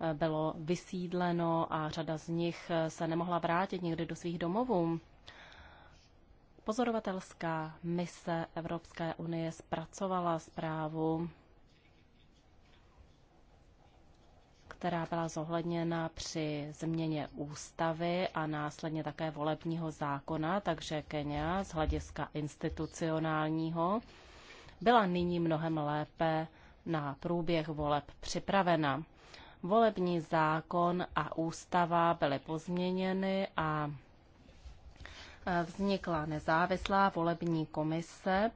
eh, bylo vysídleno a řada z nich eh, se nemohla vrátit někdy do svých domovů. Pozorovatelská mise Evropské unie zpracovala zprávu, která byla zohledněna při změně ústavy a následně také volebního zákona, takže Kenia z hlediska institucionálního byla nyní mnohem lépe na průběh voleb připravena. Volební zákon a ústava byly pozměněny a e, vznikla nezávislá volební komise.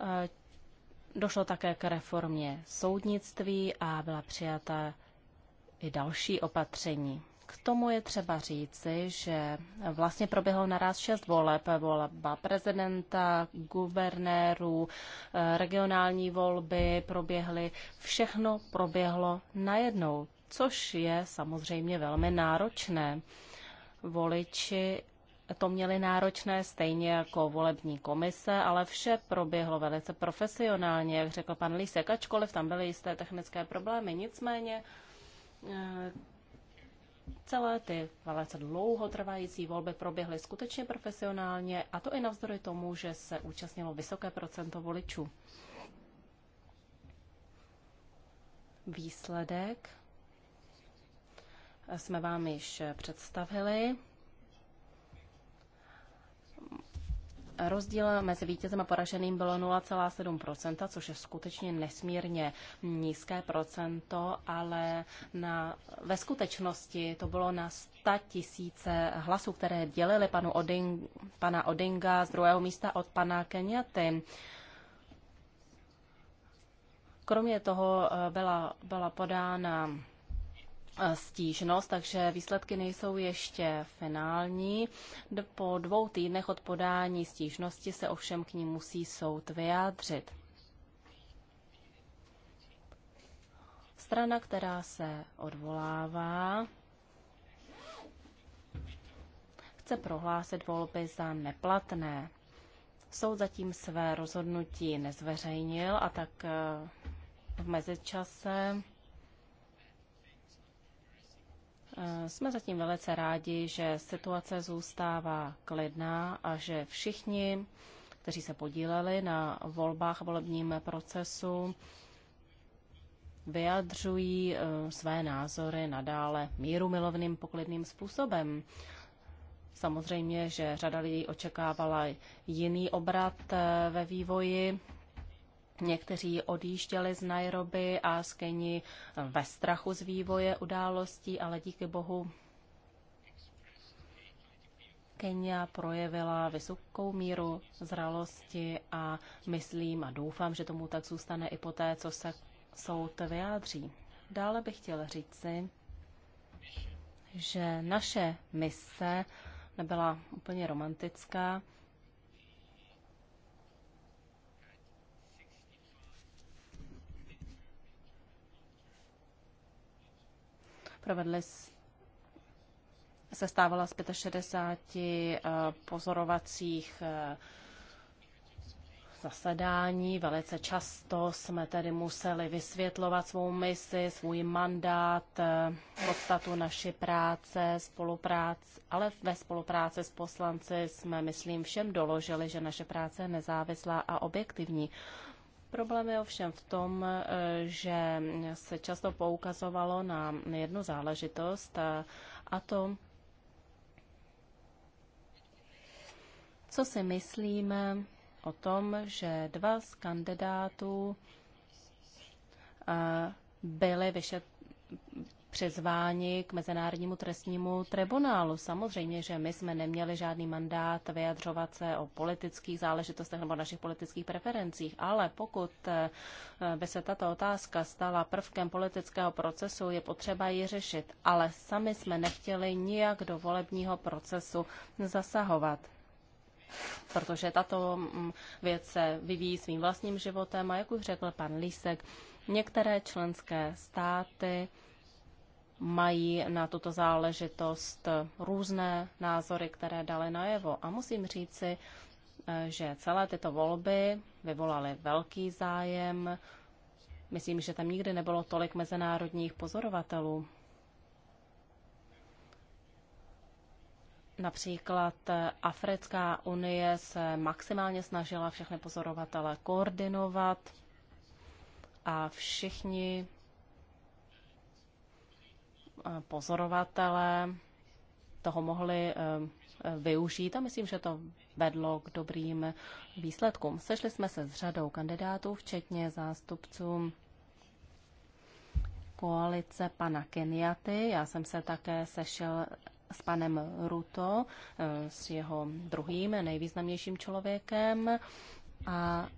E, došlo také k reformě soudnictví a byla přijata i další opatření. K tomu je třeba říci, že vlastně proběhlo naraz šest voleb. Volba prezidenta, guvernérů, eh, regionální volby proběhly. Všechno proběhlo najednou, což je samozřejmě velmi náročné. Voliči to měli náročné stejně jako volební komise, ale vše proběhlo velice profesionálně, jak řekl pan Lísek, ačkoliv tam byly jisté technické problémy. Nicméně eh, Celé ty velice dlouhotrvající volby proběhly skutečně profesionálně a to i navzdory tomu, že se účastnilo vysoké procento voličů. Výsledek jsme vám již představili. rozdíl mezi vítězem a poraženým bylo 0,7%, což je skutečně nesmírně nízké procento, ale na, ve skutečnosti to bylo na 100 tisíce hlasů, které dělili panu Oding, pana Odinga z druhého místa od pana Kenyaty. Kromě toho eh, byla, byla podána Eh, stížnost, takže výsledky nejsou ještě finální. Po dvou týdnech od podání stížnosti se ovšem k ní musí soud vyjádřit. Strana, která se odvolává, chce prohlásit volby za neplatné. Soud zatím své rozhodnutí nezveřejnil a tak eh, v mezičase jsme zatím velice rádi, že situace zůstává klidná a že všichni, kteří se podíleli na volbách a volebním procesu, vyjadřují eh, své názory nadále míru milovným poklidným způsobem. Samozřejmě, že řada lidí očekávala jiný obrat eh, ve vývoji, Někteří odjížděli z Nairobi a z Keni eh, ve strachu z vývoje událostí, ale díky bohu Kenia projevila vysokou míru zralosti a myslím a doufám, že tomu tak zůstane i poté, co se soud vyjádří. Dále bych chtěl říci, že naše mise nebyla úplně romantická. Provedli se stávala z 65 eh, pozorovacích eh, zasedání. Velice často jsme tedy museli vysvětlovat svou misi, svůj mandát, eh, podstatu naší práce, spolupráce, ale ve spolupráci s poslanci jsme, myslím, všem doložili, že naše práce je nezávislá a objektivní. Problém je ovšem v tom, eh, že se často poukazovalo na jednu záležitost eh, a to, co si myslíme o tom, že dva z kandidátů eh, byly vyšetřeni přizváni k Mezinárodnímu trestnímu tribunálu. Samozřejmě, že my jsme neměli žádný mandát vyjadřovat se o politických záležitostech nebo našich politických preferencích, ale pokud eh, by se tato otázka stala prvkem politického procesu, je potřeba ji řešit. Ale sami jsme nechtěli nijak do volebního procesu zasahovat protože tato mm, věc se vyvíjí svým vlastním životem a jak už řekl pan Lísek, některé členské státy mají na tuto záležitost různé názory, které dali najevo. A musím říci, eh, že celé tyto volby vyvolaly velký zájem. Myslím, že tam nikdy nebylo tolik mezinárodních pozorovatelů. Například eh, Africká unie se maximálně snažila všechny pozorovatele koordinovat a všichni E, pozorovatelé toho mohli e, e, využít a myslím, že to vedlo k dobrým výsledkům. Sešli jsme se s řadou kandidátů, včetně zástupců koalice pana Kenyaty. Já jsem se také sešel s panem Ruto, s jeho druhým nejvýznamnějším člověkem a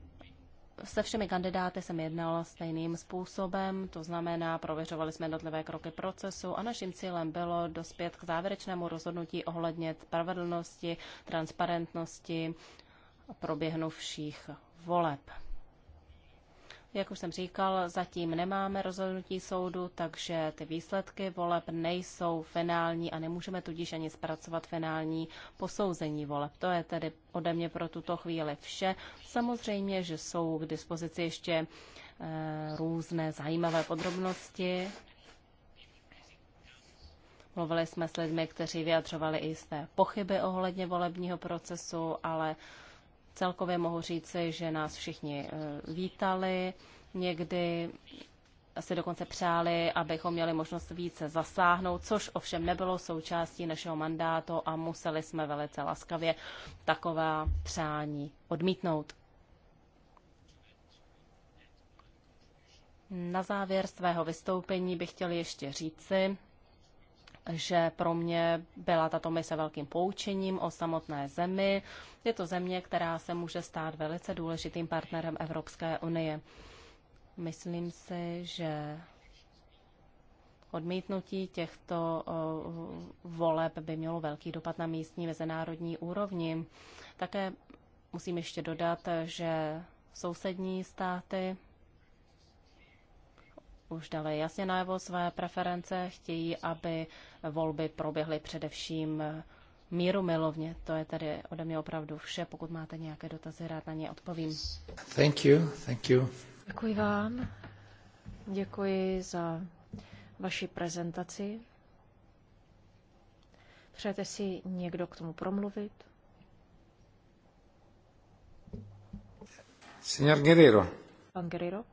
se všemi kandidáty jsem jednal stejným způsobem, to znamená, prověřovali jsme jednotlivé kroky procesu a naším cílem bylo dospět k závěrečnému rozhodnutí ohledně spravedlnosti, transparentnosti proběhnuvších voleb. Jak už jsem říkal, zatím nemáme rozhodnutí soudu, takže ty výsledky voleb nejsou finální a nemůžeme tudíž ani zpracovat finální posouzení voleb. To je tedy ode mě pro tuto chvíli vše. Samozřejmě, že jsou k dispozici ještě eh, různé zajímavé podrobnosti. Mluvili jsme s lidmi, kteří vyjadřovali i své pochyby ohledně volebního procesu, ale Celkově mohu říci, že nás všichni eh, vítali, někdy si dokonce přáli, abychom měli možnost více zasáhnout, což ovšem nebylo součástí našeho mandátu a museli jsme velice laskavě taková přání odmítnout. Na závěr svého vystoupení bych chtěl ještě říci, že pro mě byla tato mise velkým poučením o samotné zemi. Je to země, která se může stát velice důležitým partnerem Evropské unie. Myslím si, že odmítnutí těchto voleb by mělo velký dopad na místní mezinárodní úrovni. Také musím ještě dodat, že sousední státy už dali jasně najevo své preference, chtějí, aby volby proběhly především míru milovně. To je tady ode mě opravdu vše. Pokud máte nějaké dotazy, rád na ně odpovím. Thank you, thank you. Děkuji vám. Děkuji za vaši prezentaci. Přejete si někdo k tomu promluvit? Signor Guerrero. Pan Guerrero.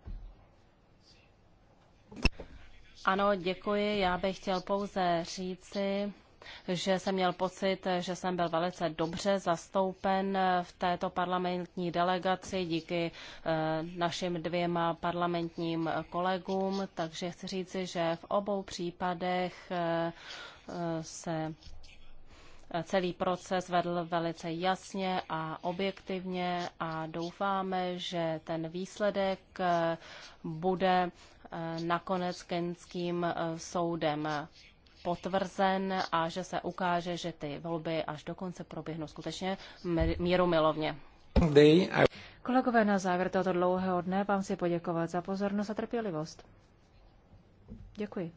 Ano, děkuji. Já bych chtěl pouze říci, že jsem měl pocit, že jsem byl velice dobře zastoupen v této parlamentní delegaci díky eh, našim dvěma parlamentním kolegům, takže chci říci, že v obou případech eh, eh, se celý proces vedl velice jasně a objektivně a doufáme, že ten výsledek bude nakonec kenským eh, soudem potvrzen a že se ukáže, že ty volby až do konce proběhnou skutečně míru milovně. Kolegové, na závěr tohoto dlouhého dne vám si poděkovat za pozornost a trpělivost. Děkuji.